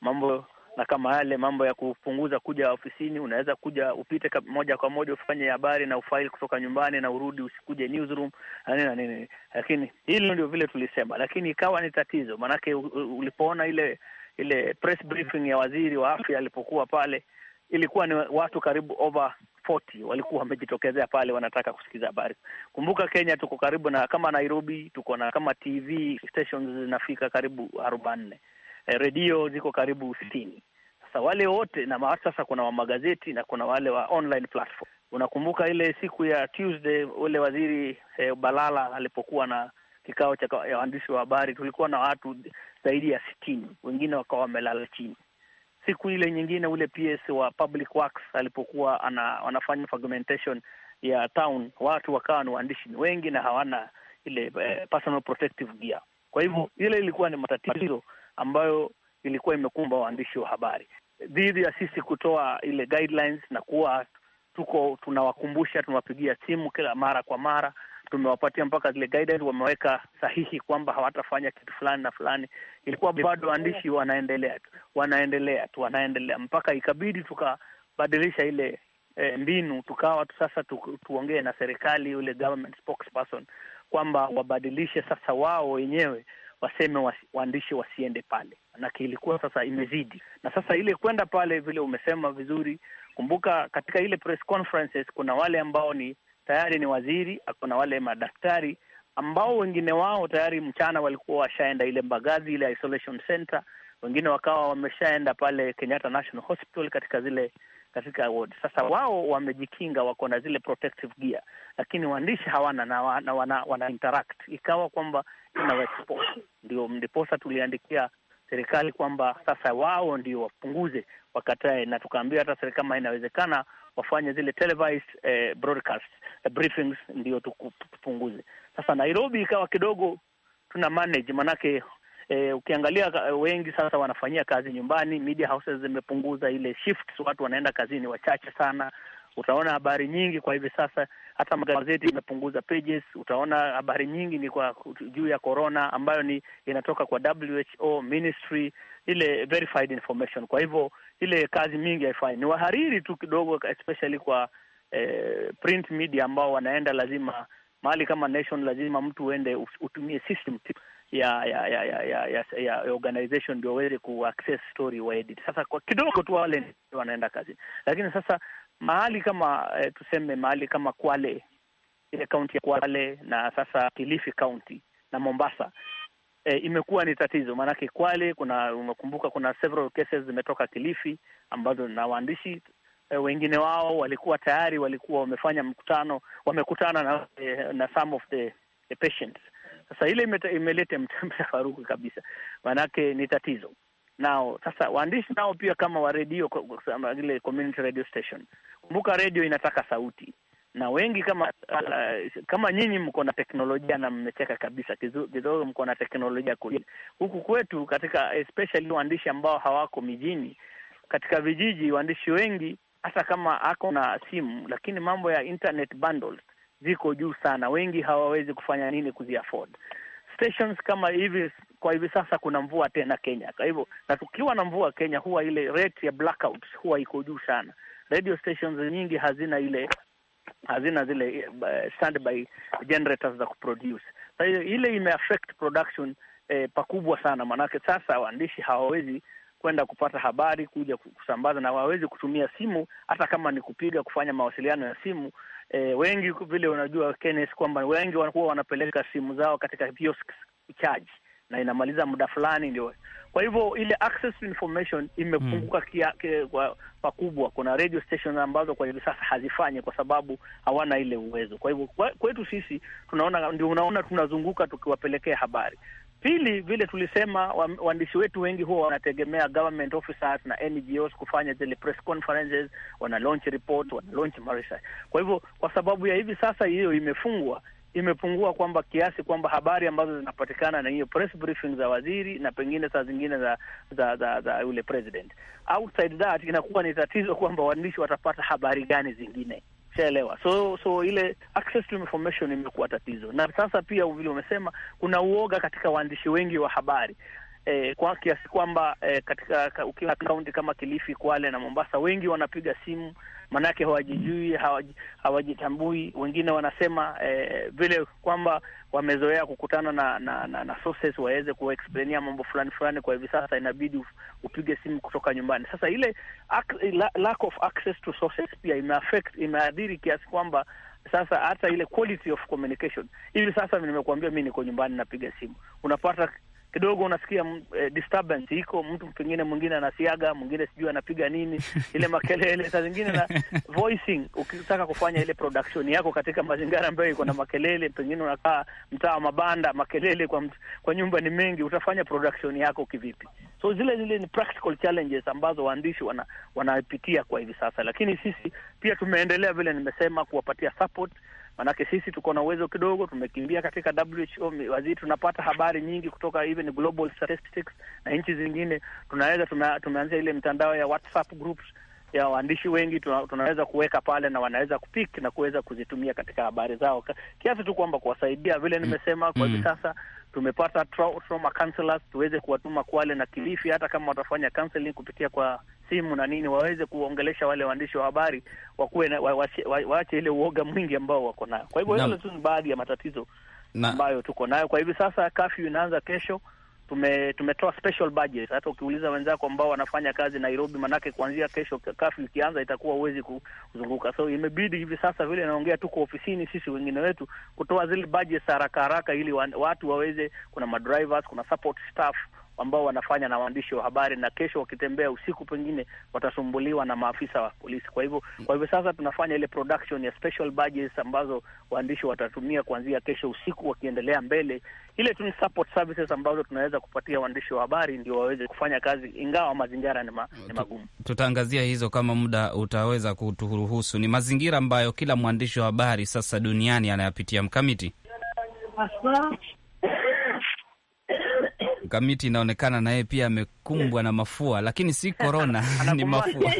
mambo na kama yale mambo ya kupunguza kuja ofisini, unaweza kuja upite moja kwa moja ufanye habari na ufaili kutoka nyumbani na urudi, usikuje newsroom na nini na nini. Lakini hili ndio vile tulisema, lakini ikawa ni tatizo, maanake ulipoona ile ile press briefing ya waziri wa afya alipokuwa pale, ilikuwa ni watu karibu over 40 walikuwa wamejitokezea pale, wanataka kusikiza habari. Kumbuka Kenya tuko karibu na kama Nairobi, tuko na kama TV stations zinafika karibu arobaini Eh, redio ziko karibu sitini. Sasa wale wote na sasa kuna wa magazeti na kuna wale wa online platform. Unakumbuka ile siku ya Tuesday ule waziri eh, Balala alipokuwa na kikao cha waandishi wa habari, tulikuwa na watu zaidi ya sitini, wengine wakawa wamelala chini. Siku ile nyingine ule PS wa Public Works alipokuwa ana, wanafanya fragmentation ya town, watu wakawa ni waandishi wengi na hawana ile eh, personal protective gear. Kwa hivyo ile ilikuwa ni matatizo ambayo ilikuwa imekumba waandishi wa habari, dhidi ya sisi kutoa ile guidelines na kuwa tuko tunawakumbusha, tunawapigia simu kila mara kwa mara, tumewapatia mpaka zile guidelines, wameweka sahihi kwamba hawatafanya kitu fulani na fulani. Ilikuwa bado waandishi wanaendelea tu wanaendelea tu wanaendelea mpaka ikabidi tukabadilisha ile E, mbinu tukawa sasa tu, tuongee na serikali, yule government spokesperson kwamba wabadilishe sasa wao wenyewe waseme waandishi wasiende pale, manake ilikuwa sasa imezidi. Na sasa ile kwenda pale, vile umesema vizuri, kumbuka katika ile press conferences kuna wale ambao ni tayari ni waziri, kuna wale madaktari ambao wengine wao tayari mchana walikuwa washaenda ile Mbagazi, ile isolation center, wengine wakawa wameshaenda pale Kenyatta National Hospital katika zile katika award. Sasa wao wamejikinga, wako na zile protective gear, lakini waandishi hawana na wana, wana, wana interact, ikawa kwamba Ndio mdiposa tuliandikia serikali kwamba sasa wao ndio wapunguze, wakatae, na tukaambia hata serikali kama inawezekana wafanye zile televised eh, broadcast eh, briefings ndio tupunguze. Sasa Nairobi ikawa kidogo tuna manage, manake E, ukiangalia eh, wengi sasa wanafanyia kazi nyumbani. Media houses zimepunguza ile shifts, watu wanaenda kazini wachache sana. Utaona habari nyingi kwa hivi sasa, hata magazeti imepunguza pages. Utaona habari nyingi ni kwa juu ya corona ambayo ni inatoka kwa WHO ministry ile verified information. Kwa hivyo ile kazi mingi haifanyi, ni wahariri tu kidogo, especially kwa eh, print media ambao wanaenda lazima mahali kama Nation, lazima mtu uende utumie system ya ya ya ya ya, ya, ya organization ndio waweze access story wa edit. Sasa kwa kidogo tu wale wanaenda kazi, lakini sasa mahali kama eh, tuseme mahali kama Kwale, ile kaunti ya Kwale na sasa Kilifi kaunti na Mombasa E, imekuwa ni tatizo maanake, Kwale kuna umekumbuka, kuna several cases zimetoka Kilifi ambazo na waandishi e, wengine wao walikuwa tayari walikuwa wamefanya mkutano, wamekutana na, e, na some of the, the patients sasa ile imeleta mtafaruku kabisa, maanake ni tatizo nao. Sasa waandishi nao pia kama wa redio, ile community radio station, kumbuka redio inataka sauti na wengi kama uh, kama nyinyi mko na teknolojia na mmecheka kabisa kidogo, mko na teknolojia kule. Huku kwetu katika especially waandishi ambao hawako mijini, katika vijiji, waandishi wengi hata kama ako na simu, lakini mambo ya internet bundles ziko juu sana, wengi hawawezi kufanya nini kuziafford stations kama hivi. Kwa hivi sasa kuna mvua tena Kenya, kwa hivyo na tukiwa na mvua Kenya huwa ile rate ya blackouts huwa iko juu sana. Radio stations nyingi hazina ile hazina zile uh, standby generators za kuproduce. ile imeaffect production eh, pakubwa sana, maanake sasa waandishi hawawezi kwenda kupata habari kuja kusambaza, na hawawezi kutumia simu, hata kama ni kupiga kufanya mawasiliano ya simu E, wengi vile unajua Kenneth, kwamba wengi wanakuwa wanapeleka simu zao katika kiosk charge na inamaliza muda fulani, ndio kwa hivyo ile access information imepunguka hmm. kwa pakubwa. Kuna radio station ambazo kwa hivi sasa hazifanye kwa sababu hawana ile uwezo. Kwa hivyo kwetu sisi tunaona, ndio unaona tunazunguka tukiwapelekea habari, Pili, vile tulisema, waandishi wetu wengi huwa wanategemea government officers na NGOs kufanya zile press conferences, wana launch report, wana launch maresearch. Kwa hivyo kwa sababu ya hivi sasa hiyo imefungwa imepungua kwamba kiasi kwamba habari ambazo zinapatikana na hiyo press briefing za waziri na pengine saa zingine za za za, za yule president, outside that inakuwa ni tatizo kwamba waandishi watapata habari gani zingine. Shaelewa. So so ile access to information imekuwa tatizo, na sasa pia vile umesema, kuna uoga katika waandishi wengi wa habari eh, kwa kiasi kwamba eh, katika ukiwa kaunti kama Kilifi, Kwale na Mombasa, wengi wanapiga simu manake hawajijui, hawaji, hawajitambui. Wengine wanasema eh, vile kwamba wamezoea kukutana na na, na, na sources waweze kuexplainia mambo fulani fulani, kwa hivi sasa inabidi upige simu kutoka nyumbani. Sasa ile lack of access to sources pia imeaffect, imeadhiri kiasi kwamba sasa hata ile quality of communication hivi sasa, nimekuambia mi niko nyumbani napiga simu, unapata kidogo unasikia mm, eh, disturbance iko, mtu pengine mwingine anasiaga, mwingine sijui anapiga nini, ile makelele saa zingine na voicing. Ukitaka kufanya ile production yako katika mazingira ambayo iko na makelele, pengine unakaa mtaa wa mabanda, makelele kwa, kwa nyumba ni mengi, utafanya production yako kivipi? So zile zile ni practical challenges ambazo waandishi wana, wanapitia kwa hivi sasa, lakini sisi pia tumeendelea vile nimesema kuwapatia support Maanake sisi tuko na uwezo kidogo, tumekimbia katika WHO waziri, tunapata habari nyingi kutoka even global statistics na nchi zingine. Tunaweza tume, tumeanzia ile mitandao ya WhatsApp groups ya waandishi wengi, tuna, tunaweza kuweka pale na wanaweza kupik na kuweza kuzitumia katika habari zao, kiasi tu kwamba kuwasaidia vile nimesema. Kwa hivi mm. sasa tumepata trauma counselors tuweze kuwatuma Kwale na Kilifi, hata kama watafanya counseling kupitia kwa simu na nini, waweze kuongelesha wale waandishi wa habari wakuwe na, wa, wa, wa, waache ile uoga mwingi ambao wako nayo. Kwa hivyo hilo tu ni baadhi ya matatizo na ambayo tuko nayo kwa hivi sasa. Kafyu inaanza kesho tume, tumetoa special budget. Hata ukiuliza wenzako ambao wanafanya kazi Nairobi, manake kuanzia kesho kafu ikianza itakuwa huwezi kuzunguka, so imebidi hivi sasa, vile naongea, tuko ofisini sisi wengine wetu kutoa zile budget haraka haraka, ili watu waweze, kuna madrivers, kuna support staff ambao wanafanya na waandishi wa habari, na kesho wakitembea usiku, pengine watasumbuliwa na maafisa wa polisi. Kwa hivyo kwa hivyo sasa tunafanya ile production ya special badges ambazo waandishi watatumia kuanzia kesho usiku, wakiendelea mbele. Ile tu ni support services ambazo tunaweza kupatia waandishi wa habari ndio waweze kufanya kazi, ingawa mazingira ni magumu. Tutaangazia hizo kama muda utaweza kuturuhusu. Ni mazingira ambayo kila mwandishi wa habari sasa duniani anayapitia. Mkamiti Kamiti inaonekana naye pia amekumbwa na mafua, lakini si korona ni mafua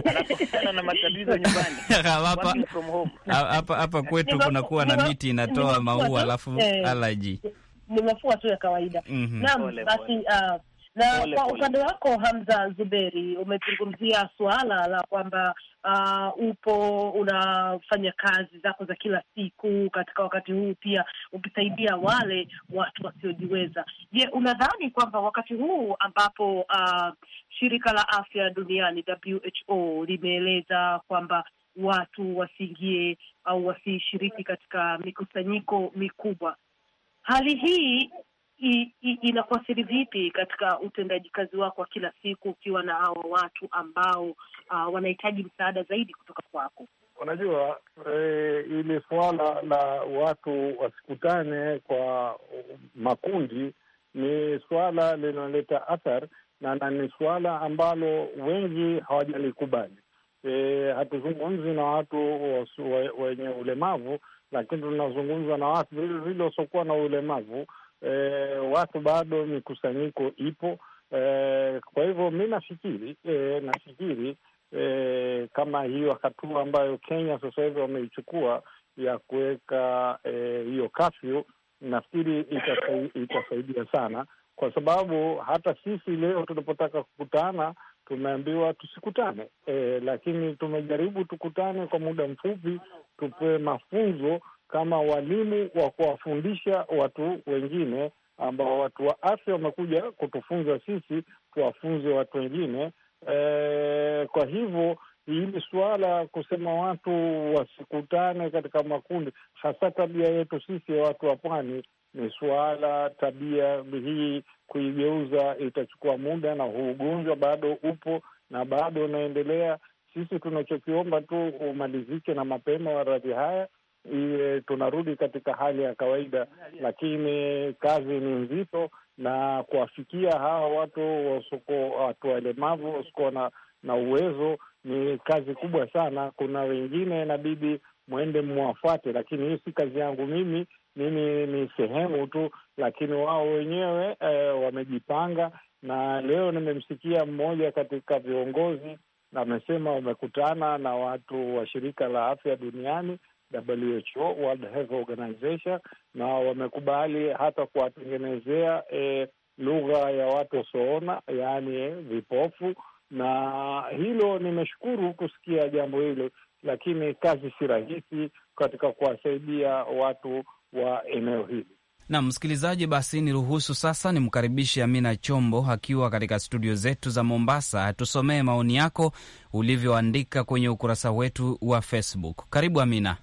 hapa kwetu kunakuwa na miti inatoa maua alafu eh. alaji ni mafua tu ya kawaida. Mhm. Naam, basi ah, na kwa upande wako Hamza Zuberi, umezungumzia suala la kwamba uh, upo unafanya kazi zako za kila siku katika wakati huu pia ukisaidia wale watu wasiojiweza. Je, unadhani kwamba wakati huu ambapo uh, shirika la afya duniani WHO limeeleza kwamba watu wasiingie au wasishiriki katika mikusanyiko mikubwa, hali hii i, i, inakuathiri vipi katika utendaji kazi wako wa kila siku ukiwa na hawa watu ambao uh, wanahitaji msaada zaidi kutoka kwako? Unajua eh, ili suala la watu wasikutane kwa makundi ni suala linaloleta athari na, na ni suala ambalo wengi hawajalikubali. E, hatuzungumzi na watu wenye ulemavu, lakini tunazungumza na watu vile vile wasiokuwa na ulemavu e, watu bado mikusanyiko ipo e, kwa hivyo mi nafikiri e, nafikiri e, kama hiyo hatua ambayo Kenya sasa hivi wameichukua ya kuweka e, hiyo kafyu nafikiri itasaidia sana, kwa sababu hata sisi leo tunapotaka kukutana tumeambiwa tusikutane e, lakini tumejaribu tukutane kwa muda mfupi, tupewe mafunzo kama walimu wa kuwafundisha watu wengine, ambao watu wa afya wamekuja kutufunza sisi, tuwafunze watu wengine. E, kwa hivyo hili suala kusema watu wasikutane katika makundi, hasa tabia yetu sisi ya watu wa pwani ni suala tabia hii kuigeuza itachukua muda, na huu ugonjwa bado upo na bado unaendelea. Sisi tunachokiomba tu umalizike na mapema maradhi haya, iwe tunarudi katika hali ya kawaida, lakini kazi ni nzito, na kuwafikia hawa watu wasoko, watu walemavu wasikuwa na, na uwezo ni kazi kubwa sana. Kuna wengine inabidi mwende mwafuate, lakini hii si kazi yangu mimi. Mimi ni sehemu tu, lakini wao wenyewe e, wamejipanga. Na leo nimemsikia mmoja katika viongozi amesema wamekutana na watu wa shirika la afya duniani WHO, World Health Organization, na wamekubali hata kuwatengenezea e, lugha ya watu wasioona, yaani e, vipofu. Na hilo nimeshukuru kusikia jambo hilo, lakini kazi si rahisi katika kuwasaidia watu wa eneo hili. Na msikilizaji, basi niruhusu sasa nimkaribishe Amina Chombo akiwa katika studio zetu za Mombasa, tusomee maoni yako ulivyoandika kwenye ukurasa wetu wa Facebook. Karibu Amina.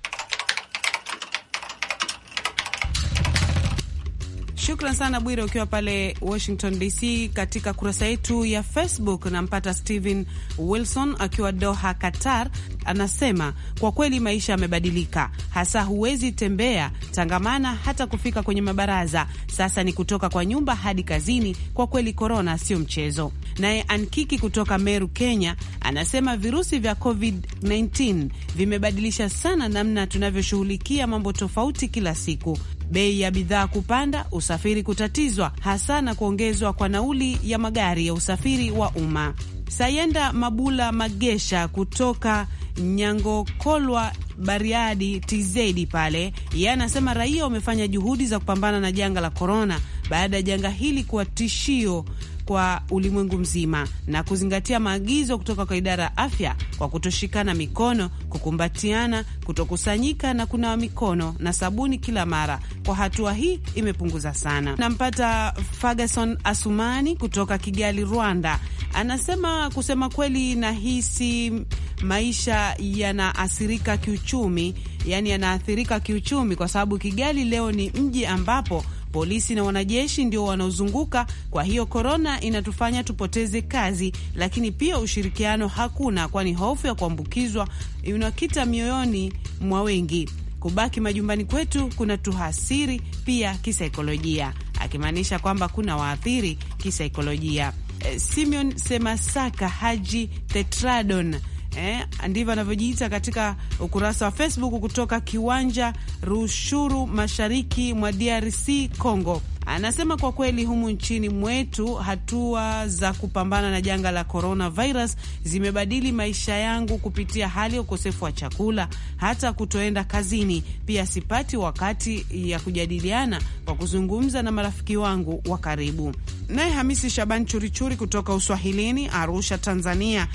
Shukran sana Bwire, ukiwa pale Washington DC. Katika kurasa yetu ya Facebook nampata Stephen Wilson akiwa Doha, Qatar, anasema kwa kweli maisha yamebadilika, hasa huwezi tembea, tangamana, hata kufika kwenye mabaraza. Sasa ni kutoka kwa nyumba hadi kazini. Kwa kweli korona sio mchezo. Naye Ankiki kutoka Meru, Kenya, anasema virusi vya COVID-19 vimebadilisha sana namna tunavyoshughulikia mambo tofauti kila siku bei ya bidhaa kupanda, usafiri kutatizwa, hasa na kuongezwa kwa nauli ya magari ya usafiri wa umma. Sayenda Mabula Magesha kutoka Nyangokolwa Bariadi TZ pale, yeye anasema raia wamefanya juhudi za kupambana na janga la korona baada ya janga hili kuwa tishio kwa ulimwengu mzima na kuzingatia maagizo kutoka kwa idara ya afya kwa kutoshikana mikono, kukumbatiana, kutokusanyika na kunawa mikono na sabuni kila mara. Kwa hatua hii imepunguza sana. Nampata Ferguson Asumani kutoka Kigali, Rwanda, anasema kusema kweli, nahisi maisha yanaathirika kiuchumi, yani yanaathirika kiuchumi kwa sababu Kigali leo ni mji ambapo Polisi na wanajeshi ndio wanaozunguka, kwa hiyo korona inatufanya tupoteze kazi, lakini pia ushirikiano hakuna, kwani hofu ya kuambukizwa inakita mioyoni mwa wengi. Kubaki majumbani kwetu kuna tuhasiri pia kisaikolojia, akimaanisha kwamba kuna waathiri kisaikolojia. Eh, Simeon Semasaka Haji Tetradon eh, ndivyo anavyojiita katika ukurasa wa Facebook kutoka Kiwanja Rushuru, mashariki mwa DRC Congo. Anasema kwa kweli humu nchini mwetu hatua za kupambana na janga la coronavirus zimebadili maisha yangu kupitia hali ya ukosefu wa chakula, hata kutoenda kazini. Pia sipati wakati ya kujadiliana kwa kuzungumza na marafiki wangu wa karibu. Naye Hamisi Shaban Churichuri kutoka Uswahilini, Arusha, Tanzania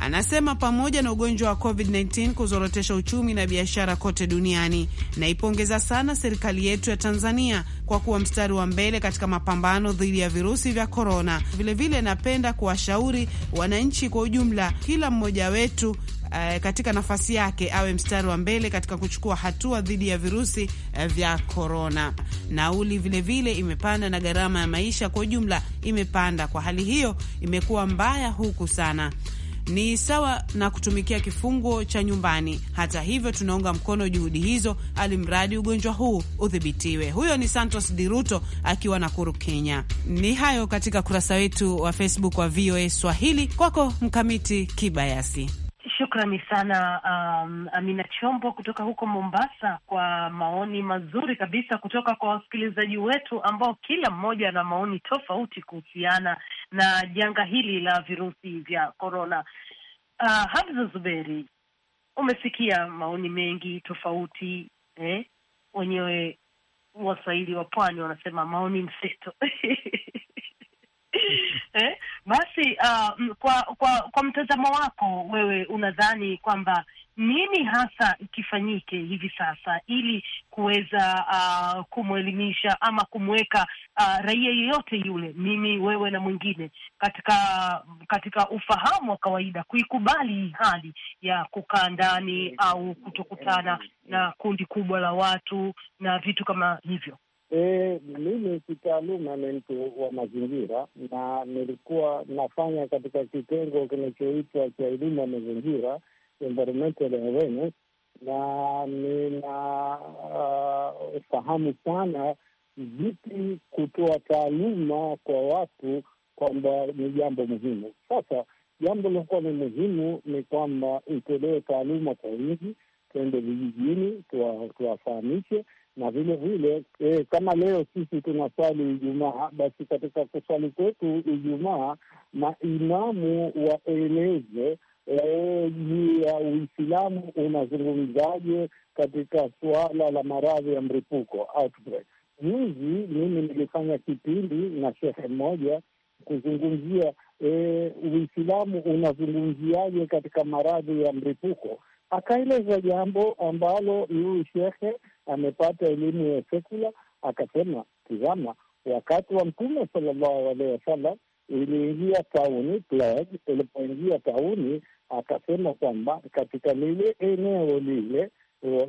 Anasema pamoja na ugonjwa wa COVID-19 kuzorotesha uchumi na biashara kote duniani, naipongeza sana serikali yetu ya Tanzania kwa kuwa mstari wa mbele katika mapambano dhidi ya virusi vya korona. Vilevile napenda kuwashauri wananchi kwa ujumla, kila mmoja wetu Uh, katika nafasi yake awe mstari wa mbele katika kuchukua hatua dhidi ya virusi uh, vya korona. Nauli vilevile imepanda na gharama ya maisha kwa ujumla imepanda. Kwa hali hiyo imekuwa mbaya huku sana ni sawa na kutumikia kifungo cha nyumbani. Hata hivyo, tunaunga mkono juhudi hizo, alimradi ugonjwa huu udhibitiwe. Huyo ni Santos Diruto akiwa Nakuru, Kenya. Ni hayo katika kurasa wetu wa Facebook wa VOA Swahili. Kwako Mkamiti Kibayasi. Shukrani sana um, Amina Chombo kutoka huko Mombasa kwa maoni mazuri kabisa kutoka kwa wasikilizaji wetu ambao kila mmoja ana maoni tofauti kuhusiana na janga hili la virusi vya korona. Uh, Hamza Zuberi, umesikia maoni mengi tofauti eh? Wenyewe waswahili wa pwani wanasema maoni mseto eh? Basi uh, kwa kwa kwa mtazamo wako wewe unadhani kwamba nini hasa ikifanyike hivi sasa ili kuweza uh, kumwelimisha ama kumweka uh, raia yeyote yule, mimi wewe na mwingine, katika katika ufahamu wa kawaida, kuikubali hali ya kukaa ndani au kutokutana na kundi kubwa la watu na vitu kama hivyo? E, mimi kitaaluma ni mtu wa mazingira na nilikuwa nafanya katika kitengo kinachoitwa cha elimu ya mazingira, environmental awareness, na nina uh, fahamu sana vipi kutoa taaluma kwa watu kwamba ni jambo muhimu. Sasa jambo lilokuwa ni muhimu ni kwamba itolewe taaluma kwa wingi, tuende vijijini, tuwafahamishe na vile vile e, kama leo sisi tunaswali Ijumaa, basi katika kuswali kwetu Ijumaa maimamu waeleze eh, juu ya Uislamu unazungumzaje katika suala la maradhi ya mripuko outbreak. Juzi mimi nilifanya kipindi na shehe mmoja kuzungumzia e, Uislamu unazungumziaje katika maradhi ya mripuko akaeleza jambo ambalo huyu shekhe amepata elimu ya sekula, akasema tizama, wakati wa Mtume sallallahu alaihi wasallam iliingia tauni ilipoingia tauni akasema kwamba katika lile eneo lile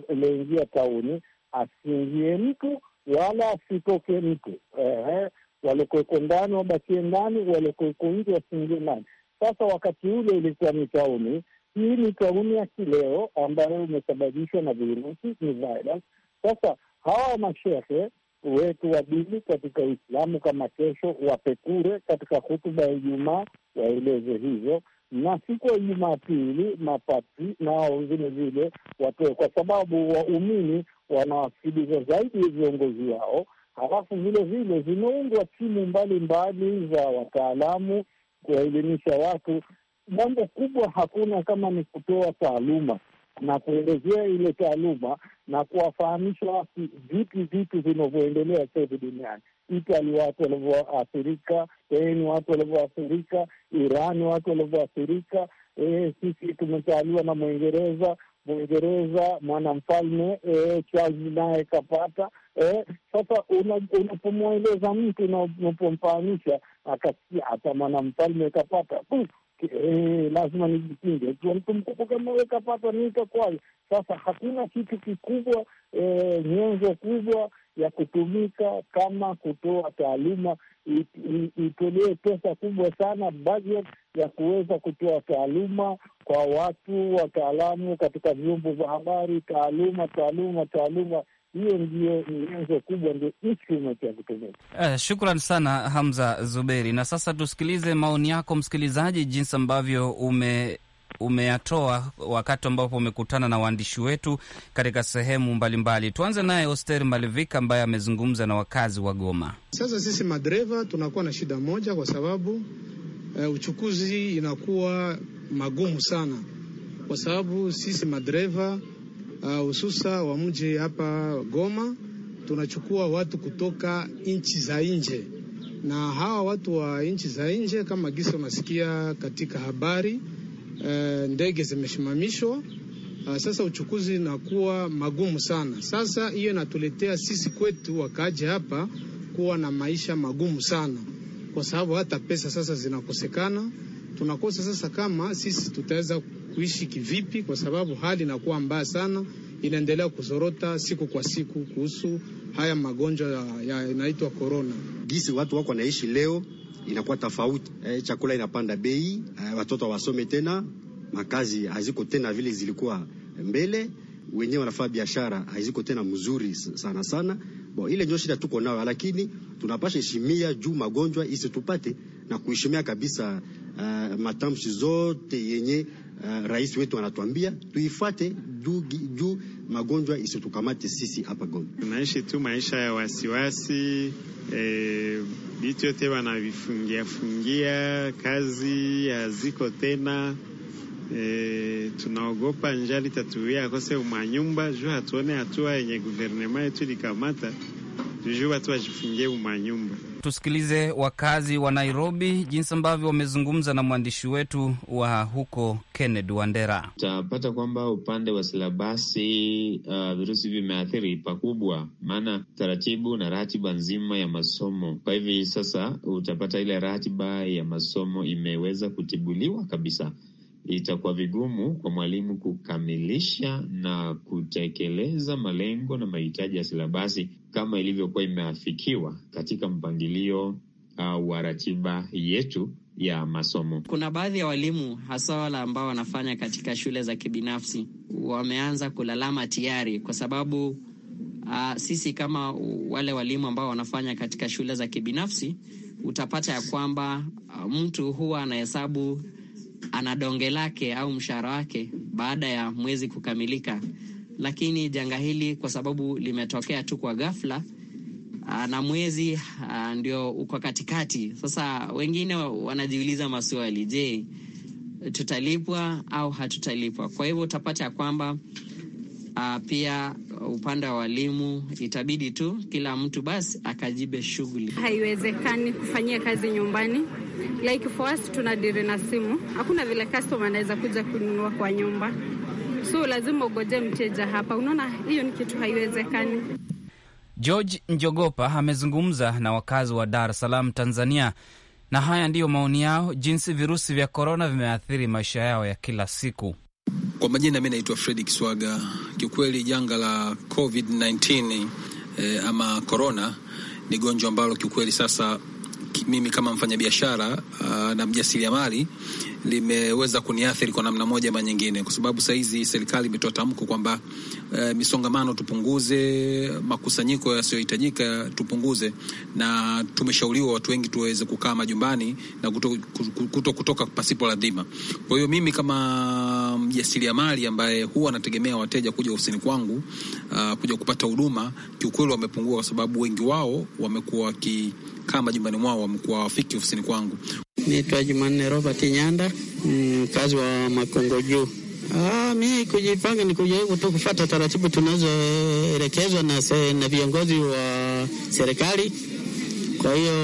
iliingia tauni asiingie mtu wala asitoke mtu eh, walikuweko ndani wabakie ndani, walikuweko nje wasiingie ndani. Sasa wakati ule ilikuwa ni tauni hii ni kauni ya kileo ambayo imesababishwa na virusi, ni virus. Sasa hawa mashehe wetu wa dini katika Uislamu, kama kesho wapekure katika hutuba ya Ijumaa waeleze hivyo, na siku ya Jumapili mapati nao vile vile watoe, kwa sababu waumini wanawasikiliza zaidi viongozi wao. Halafu vile vile zimeundwa timu mbalimbali za wataalamu kuwaelimisha watu mambo kubwa hakuna kama ni kutoa taaluma na kuelezea ile taaluma na kuwafahamisha watu vipi vitu vinavyoendelea sasa duniani. Itali watu walivyoathirika, Spain eh, watu walivyoathirika, Irani watu walivyoathirika. E, sisi tumetaaliwa na Mwingereza. Mwingereza mwanamfalme e, Charles naye kapata Sasa unapomweleza mtu unapomfahamisha akasikia hata mwanamfalme kapata hmm, eh, lazima nijipinge. Ukiwa mtu mkubwa kama we kapata ni kakwayo. Sasa hakuna kitu kikubwa, eh, nyenzo kubwa ya kutumika kama kutoa taaluma itolewe pesa kubwa sana bajeti ya kuweza kutoa taaluma kwa watu wataalamu katika vyombo vya habari, taaluma taaluma taaluma hiyo ndio nyenzo kubwa, ndio instrument ya kutumika. Eh, shukran sana Hamza Zuberi. Na sasa tusikilize maoni yako msikilizaji, jinsi ambavyo ume umeyatoa wakati ambapo umekutana na waandishi wetu katika sehemu mbalimbali Tuanze naye Oster Malivika ambaye amezungumza na wakazi wa Goma. Sasa sisi madereva tunakuwa na shida moja, kwa sababu e, uchukuzi inakuwa magumu sana, kwa sababu sisi madereva Ah, hususa uh, wa mji hapa Goma, tunachukua watu kutoka nchi za nje, na hawa watu wa nchi za nje kama gisi unasikia katika habari uh, ndege zimeshimamishwa. Uh, sasa uchukuzi inakuwa magumu sana. Sasa hiyo inatuletea sisi kwetu wakaaji hapa kuwa na maisha magumu sana, kwa sababu hata pesa sasa zinakosekana. Tunakosa sasa kama sisi tutaweza kuishi kivipi, kwa sababu hali inakuwa mbaya sana, inaendelea kuzorota siku kwa siku kuhusu haya magonjwa yanaitwa ya korona. Gisi watu wako wanaishi leo inakuwa tofauti eh, chakula inapanda bei eh, watoto hawasome tena, makazi haziko tena vile zilikuwa mbele, wenyewe wanafanya biashara haziko tena mzuri sana sana. Bo, ile ndio shida tuko nayo, lakini tunapasha heshimia juu magonjwa isitupate na kuheshimia kabisa uh, matamshi zote yenye uh, rais wetu anatuambia tuifuate juu magonjwa isitukamate sisi hapa Goma. Tunaishi tu maisha ya wasiwasi e, vitu yote wanavifungia fungia, kazi haziko tena e, tunaogopa njali tatuia akose umanyumba juu hatuone hatua yenye guvernema yetu likamata tujuu watu wajifungie umanyumba Tusikilize wakazi wa Nairobi jinsi ambavyo wamezungumza na mwandishi wetu wa huko Kennedy Wandera. Utapata kwamba upande wa silabasi uh, virusi vimeathiri pakubwa, maana taratibu na ratiba nzima ya masomo. Kwa hivi sasa utapata ile ratiba ya masomo imeweza kutibuliwa kabisa itakuwa vigumu kwa mwalimu kukamilisha na kutekeleza malengo na mahitaji ya silabasi kama ilivyokuwa imeafikiwa katika mpangilio uh, wa ratiba yetu ya masomo. Kuna baadhi ya walimu hasa wale ambao wanafanya katika shule za kibinafsi wameanza kulalama tayari, kwa sababu uh, sisi kama wale walimu ambao wanafanya katika shule za kibinafsi utapata ya kwamba uh, mtu huwa anahesabu ana donge lake au mshahara wake baada ya mwezi kukamilika. Lakini janga hili kwa sababu limetokea tu kwa ghafla ah, na mwezi ah, ndio uko katikati. Sasa wengine wanajiuliza maswali, je, tutalipwa au hatutalipwa? Kwa hivyo utapata ya kwamba a, ah, pia upande wa walimu itabidi tu kila mtu basi akajibe shughuli. Haiwezekani kufanyia kazi nyumbani like for us tuna diri na simu, hakuna vile customer anaweza kuja kununua kwa nyumba, so lazima ugoje mteja hapa. Unaona, hiyo ni kitu haiwezekani. George Njogopa amezungumza na wakazi wa Dar es Salaam, Tanzania, na haya ndiyo maoni yao jinsi virusi vya korona vimeathiri maisha yao ya kila siku. Kwa majina, mi naitwa Fredi Kiswaga. Kiukweli janga la COVID-19 eh, ama korona ni gonjwa ambalo kiukweli sasa mimi kama mfanyabiashara ah, na mjasiriamali limeweza kuniathiri kwa namna moja ama nyingine, kwa sababu saa hizi serikali imetoa tamko kwamba e, misongamano tupunguze, makusanyiko yasiyohitajika tupunguze, na tumeshauriwa watu wengi tuweze kukaa majumbani na kuto, kuto kutoka pasipo lazima. Kwa hiyo mimi kama mjasiriamali ambaye huwa nategemea wateja kuja ofisini kwangu uh, kuja kupata huduma, kiukweli wamepungua, kwa sababu wengi wao wamekuwa waki wanakaa majumbani mwao wamekuwa wafiki ofisini kwangu. Naitwa Jumanne Robert Nyanda, mm, mkazi wa Makongo juu. Ah, mi kujipanga ni kujaribu tu kufata taratibu tunazoelekezwa na, na viongozi wa serikali. Kwa hiyo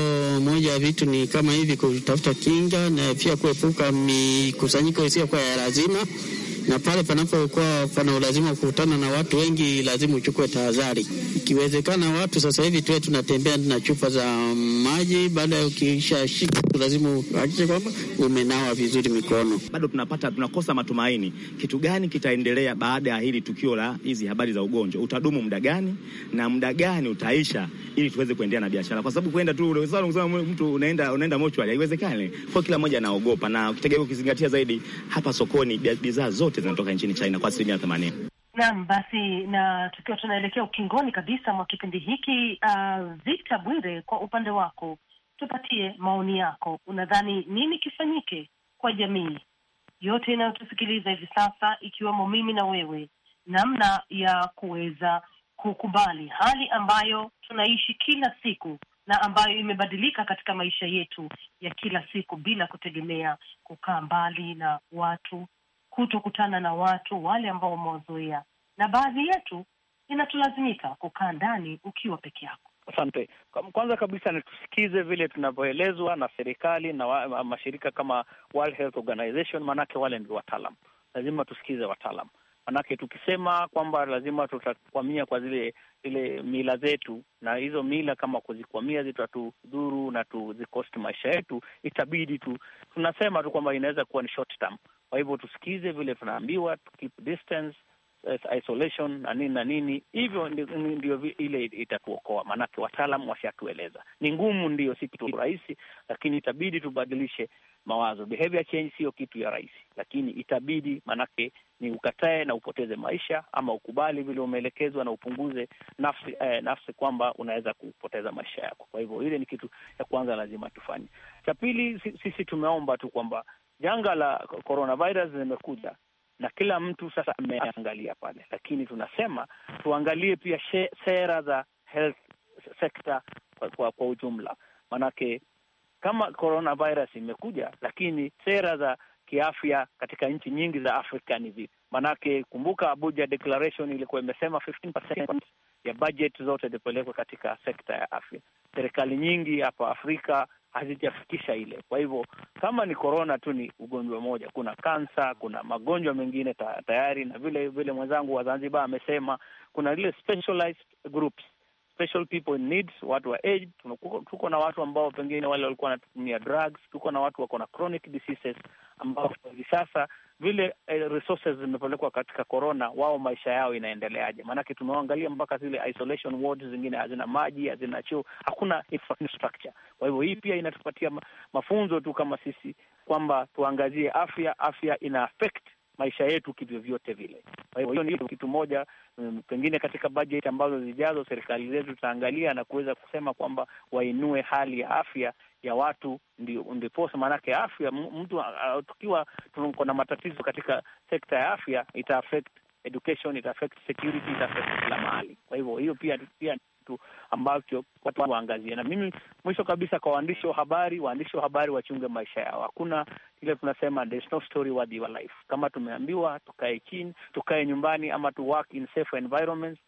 moja ya vitu ni kama hivi, kutafuta kinga na pia kuepuka mikusanyiko isiyokuwa ya lazima na pale panapokuwa pana ulazima wa kukutana na watu wengi, lazima uchukue tahadhari. Ikiwezekana watu sasa hivi tuwe tunatembea na chupa za maji, baada ya ukishashika shika, lazima uhakikishe kwamba umenawa vizuri mikono. Bado tunapata tunakosa matumaini, kitu gani kitaendelea baada ya hili tukio la hizi habari za ugonjwa? Utadumu muda gani na muda gani utaisha, ili tuweze kuendelea na biashara, kwa sababu kuenda tu unaweza mtu unaenda unaenda mochwari, haiwezekani, kwa kila mmoja anaogopa, na ukitegemea ukizingatia zaidi hapa sokoni bidhaa zote zote zinatoka nchini China kwa asilimia themanini. Naam, basi na tukiwa tunaelekea ukingoni kabisa mwa kipindi hiki, uh, Victor Bwire, kwa upande wako tupatie maoni yako. Unadhani nini kifanyike kwa jamii yote inayotusikiliza hivi sasa, ikiwemo mimi na wewe, namna ya kuweza kukubali hali ambayo tunaishi kila siku na ambayo imebadilika katika maisha yetu ya kila siku bila kutegemea kukaa mbali na watu kutokutana na watu wale ambao wamewazoea, na baadhi yetu inatulazimika kukaa ndani ukiwa peke yako. Asante. Kwanza kabisa nitusikize vile tunavyoelezwa na serikali na wa, mashirika kama World Health Organization, maanake wale ndio wataalam, lazima tusikize wataalam, maanake tukisema kwamba lazima tutakwamia kwa zile zile mila zetu, na hizo mila kama kuzikwamia zitatudhuru na tuzikosti maisha yetu, itabidi tu tunasema tu kwamba inaweza kuwa ni short term, kwa hivyo tusikize vile tunaambiwa, keep distance Eh, isolation na nini na nini hivyo, ndio ile itatuokoa, maanake wataalam washatueleza ni ngumu, ndio si kitu rahisi, lakini itabidi tubadilishe mawazo. Behavior change kitu ya rahisi, lakini itabidi, maanake ni ukatae na upoteze maisha ama ukubali vile umeelekezwa na upunguze nafsi, eh, nafsi kwamba unaweza kupoteza maisha yako. Kwa hivyo ile ni kitu ya kwanza lazima tufanye. Cha pili, sisi tumeomba tu kwamba janga la coronavirus limekuja na kila mtu sasa ameangalia pale, lakini tunasema tuangalie pia she, sera za health sector kwa, kwa, kwa ujumla, maanake kama coronavirus imekuja, lakini sera za kiafya katika nchi nyingi za Afrika ni vipi? Maanake kumbuka Abuja Declaration ilikuwa imesema 15% ya budget zote zipelekwe katika sekta ya afya. Serikali nyingi hapa Afrika hazijafikisha ile. Kwa hivyo kama ni korona tu, ni ugonjwa mmoja, kuna kansa, kuna magonjwa mengine ta, tayari na vile vile mwenzangu wa Zanzibar amesema kuna lile specialized groups special people in need, watu wa aged, tuko na watu ambao pengine wale walikuwa wanatumia drugs, tuko na watu wako na chronic diseases ambao hivi sasa vile eh, resources zimepelekwa katika corona, wao maisha yao inaendeleaje? Maanake tumeangalia mpaka zile isolation wards zingine hazina maji, hazina choo, hakuna infrastructure. Kwa hivyo hii pia inatupatia mafunzo tu kama sisi kwamba tuangazie afya. Afya ina affect maisha yetu kivyovyote vile. Kwa hivyo hiyo ndio kitu moja um, pengine katika bajeti ambazo zijazo serikali zetu zitaangalia na kuweza kusema kwamba wainue hali ya afya ya watu, ndiposa maanake afya mtu tukiwa tuko na matatizo katika sekta ya afya ita affect education, ita affect security, ita affect kila mahali. Kwa hivyo hiyo pia pia kitu ambacho watu waangazie. Na mimi mwisho kabisa, kwa waandishi wa habari, waandishi wa habari wachunge maisha yao. Hakuna ile tunasema no story worthy of life. Kama tumeambiwa tukae chini, tukae nyumbani, ama tu work in safe environments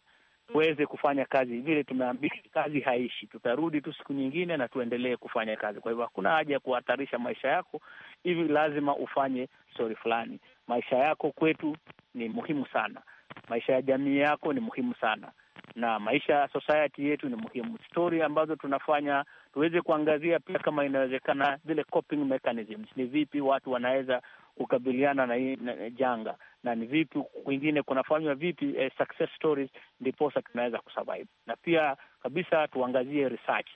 tuweze kufanya kazi vile tumeambia. Kazi haishi, tutarudi tu siku nyingine na tuendelee kufanya kazi. Kwa hivyo hakuna haja ya kuhatarisha maisha yako hivi, lazima ufanye stori fulani. Maisha yako kwetu ni muhimu sana, maisha ya jamii yako ni muhimu sana na maisha ya society yetu ni muhimu. Stori ambazo tunafanya tuweze kuangazia pia, kama inawezekana, zile coping mechanisms, ni vipi watu wanaweza kukabiliana na hii janga na ni vipi kwingine kunafanywa vipi, eh, success stories, ndiposa tunaweza kusurvive. Na pia kabisa tuangazie research.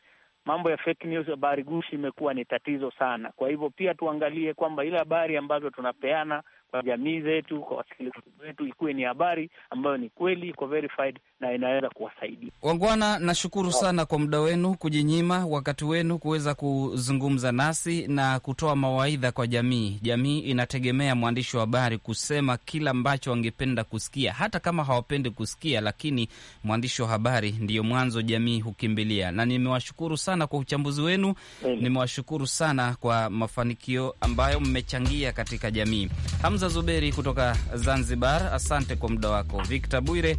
Mambo ya fake news, habari gushi imekuwa ni tatizo sana. Kwa hivyo pia tuangalie kwamba ile habari ambazo tunapeana kwa jamii zetu, kwa wasikilizaji wetu, ikuwe ni habari ambayo ni kweli, iko verified na inaweza kuwasaidia wangwana. Nashukuru sana kwa muda wenu, kujinyima wakati wenu kuweza kuzungumza nasi na kutoa mawaidha kwa jamii. Jamii inategemea mwandishi wa habari kusema kila ambacho wangependa kusikia, hata kama hawapendi kusikia, lakini mwandishi wa habari ndiyo mwanzo jamii hukimbilia. Na nimewashukuru sana kwa uchambuzi wenu, nimewashukuru sana kwa mafanikio ambayo mmechangia katika jamii. Hamza Zuberi kutoka Zanzibar, asante kwa muda wako. Victor Bwire,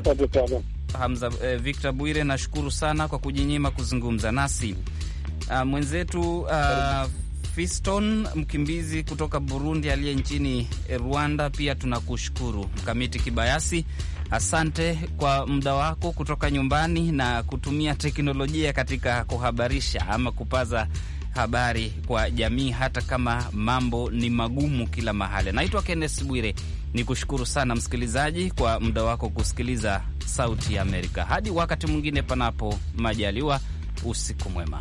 asante. Hamza eh, Victor Bwire, nashukuru sana kwa kujinyima kuzungumza nasi. Uh, mwenzetu uh, Fiston mkimbizi kutoka Burundi aliye nchini eh, Rwanda, pia tunakushukuru. Mkamiti Kibayasi, asante kwa muda wako kutoka nyumbani na kutumia teknolojia katika kuhabarisha ama kupaza habari kwa jamii, hata kama mambo ni magumu kila mahali. Naitwa Kenneth Bwire ni kushukuru sana msikilizaji kwa muda wako kusikiliza Sauti ya Amerika. Hadi wakati mwingine, panapo majaliwa, usiku mwema.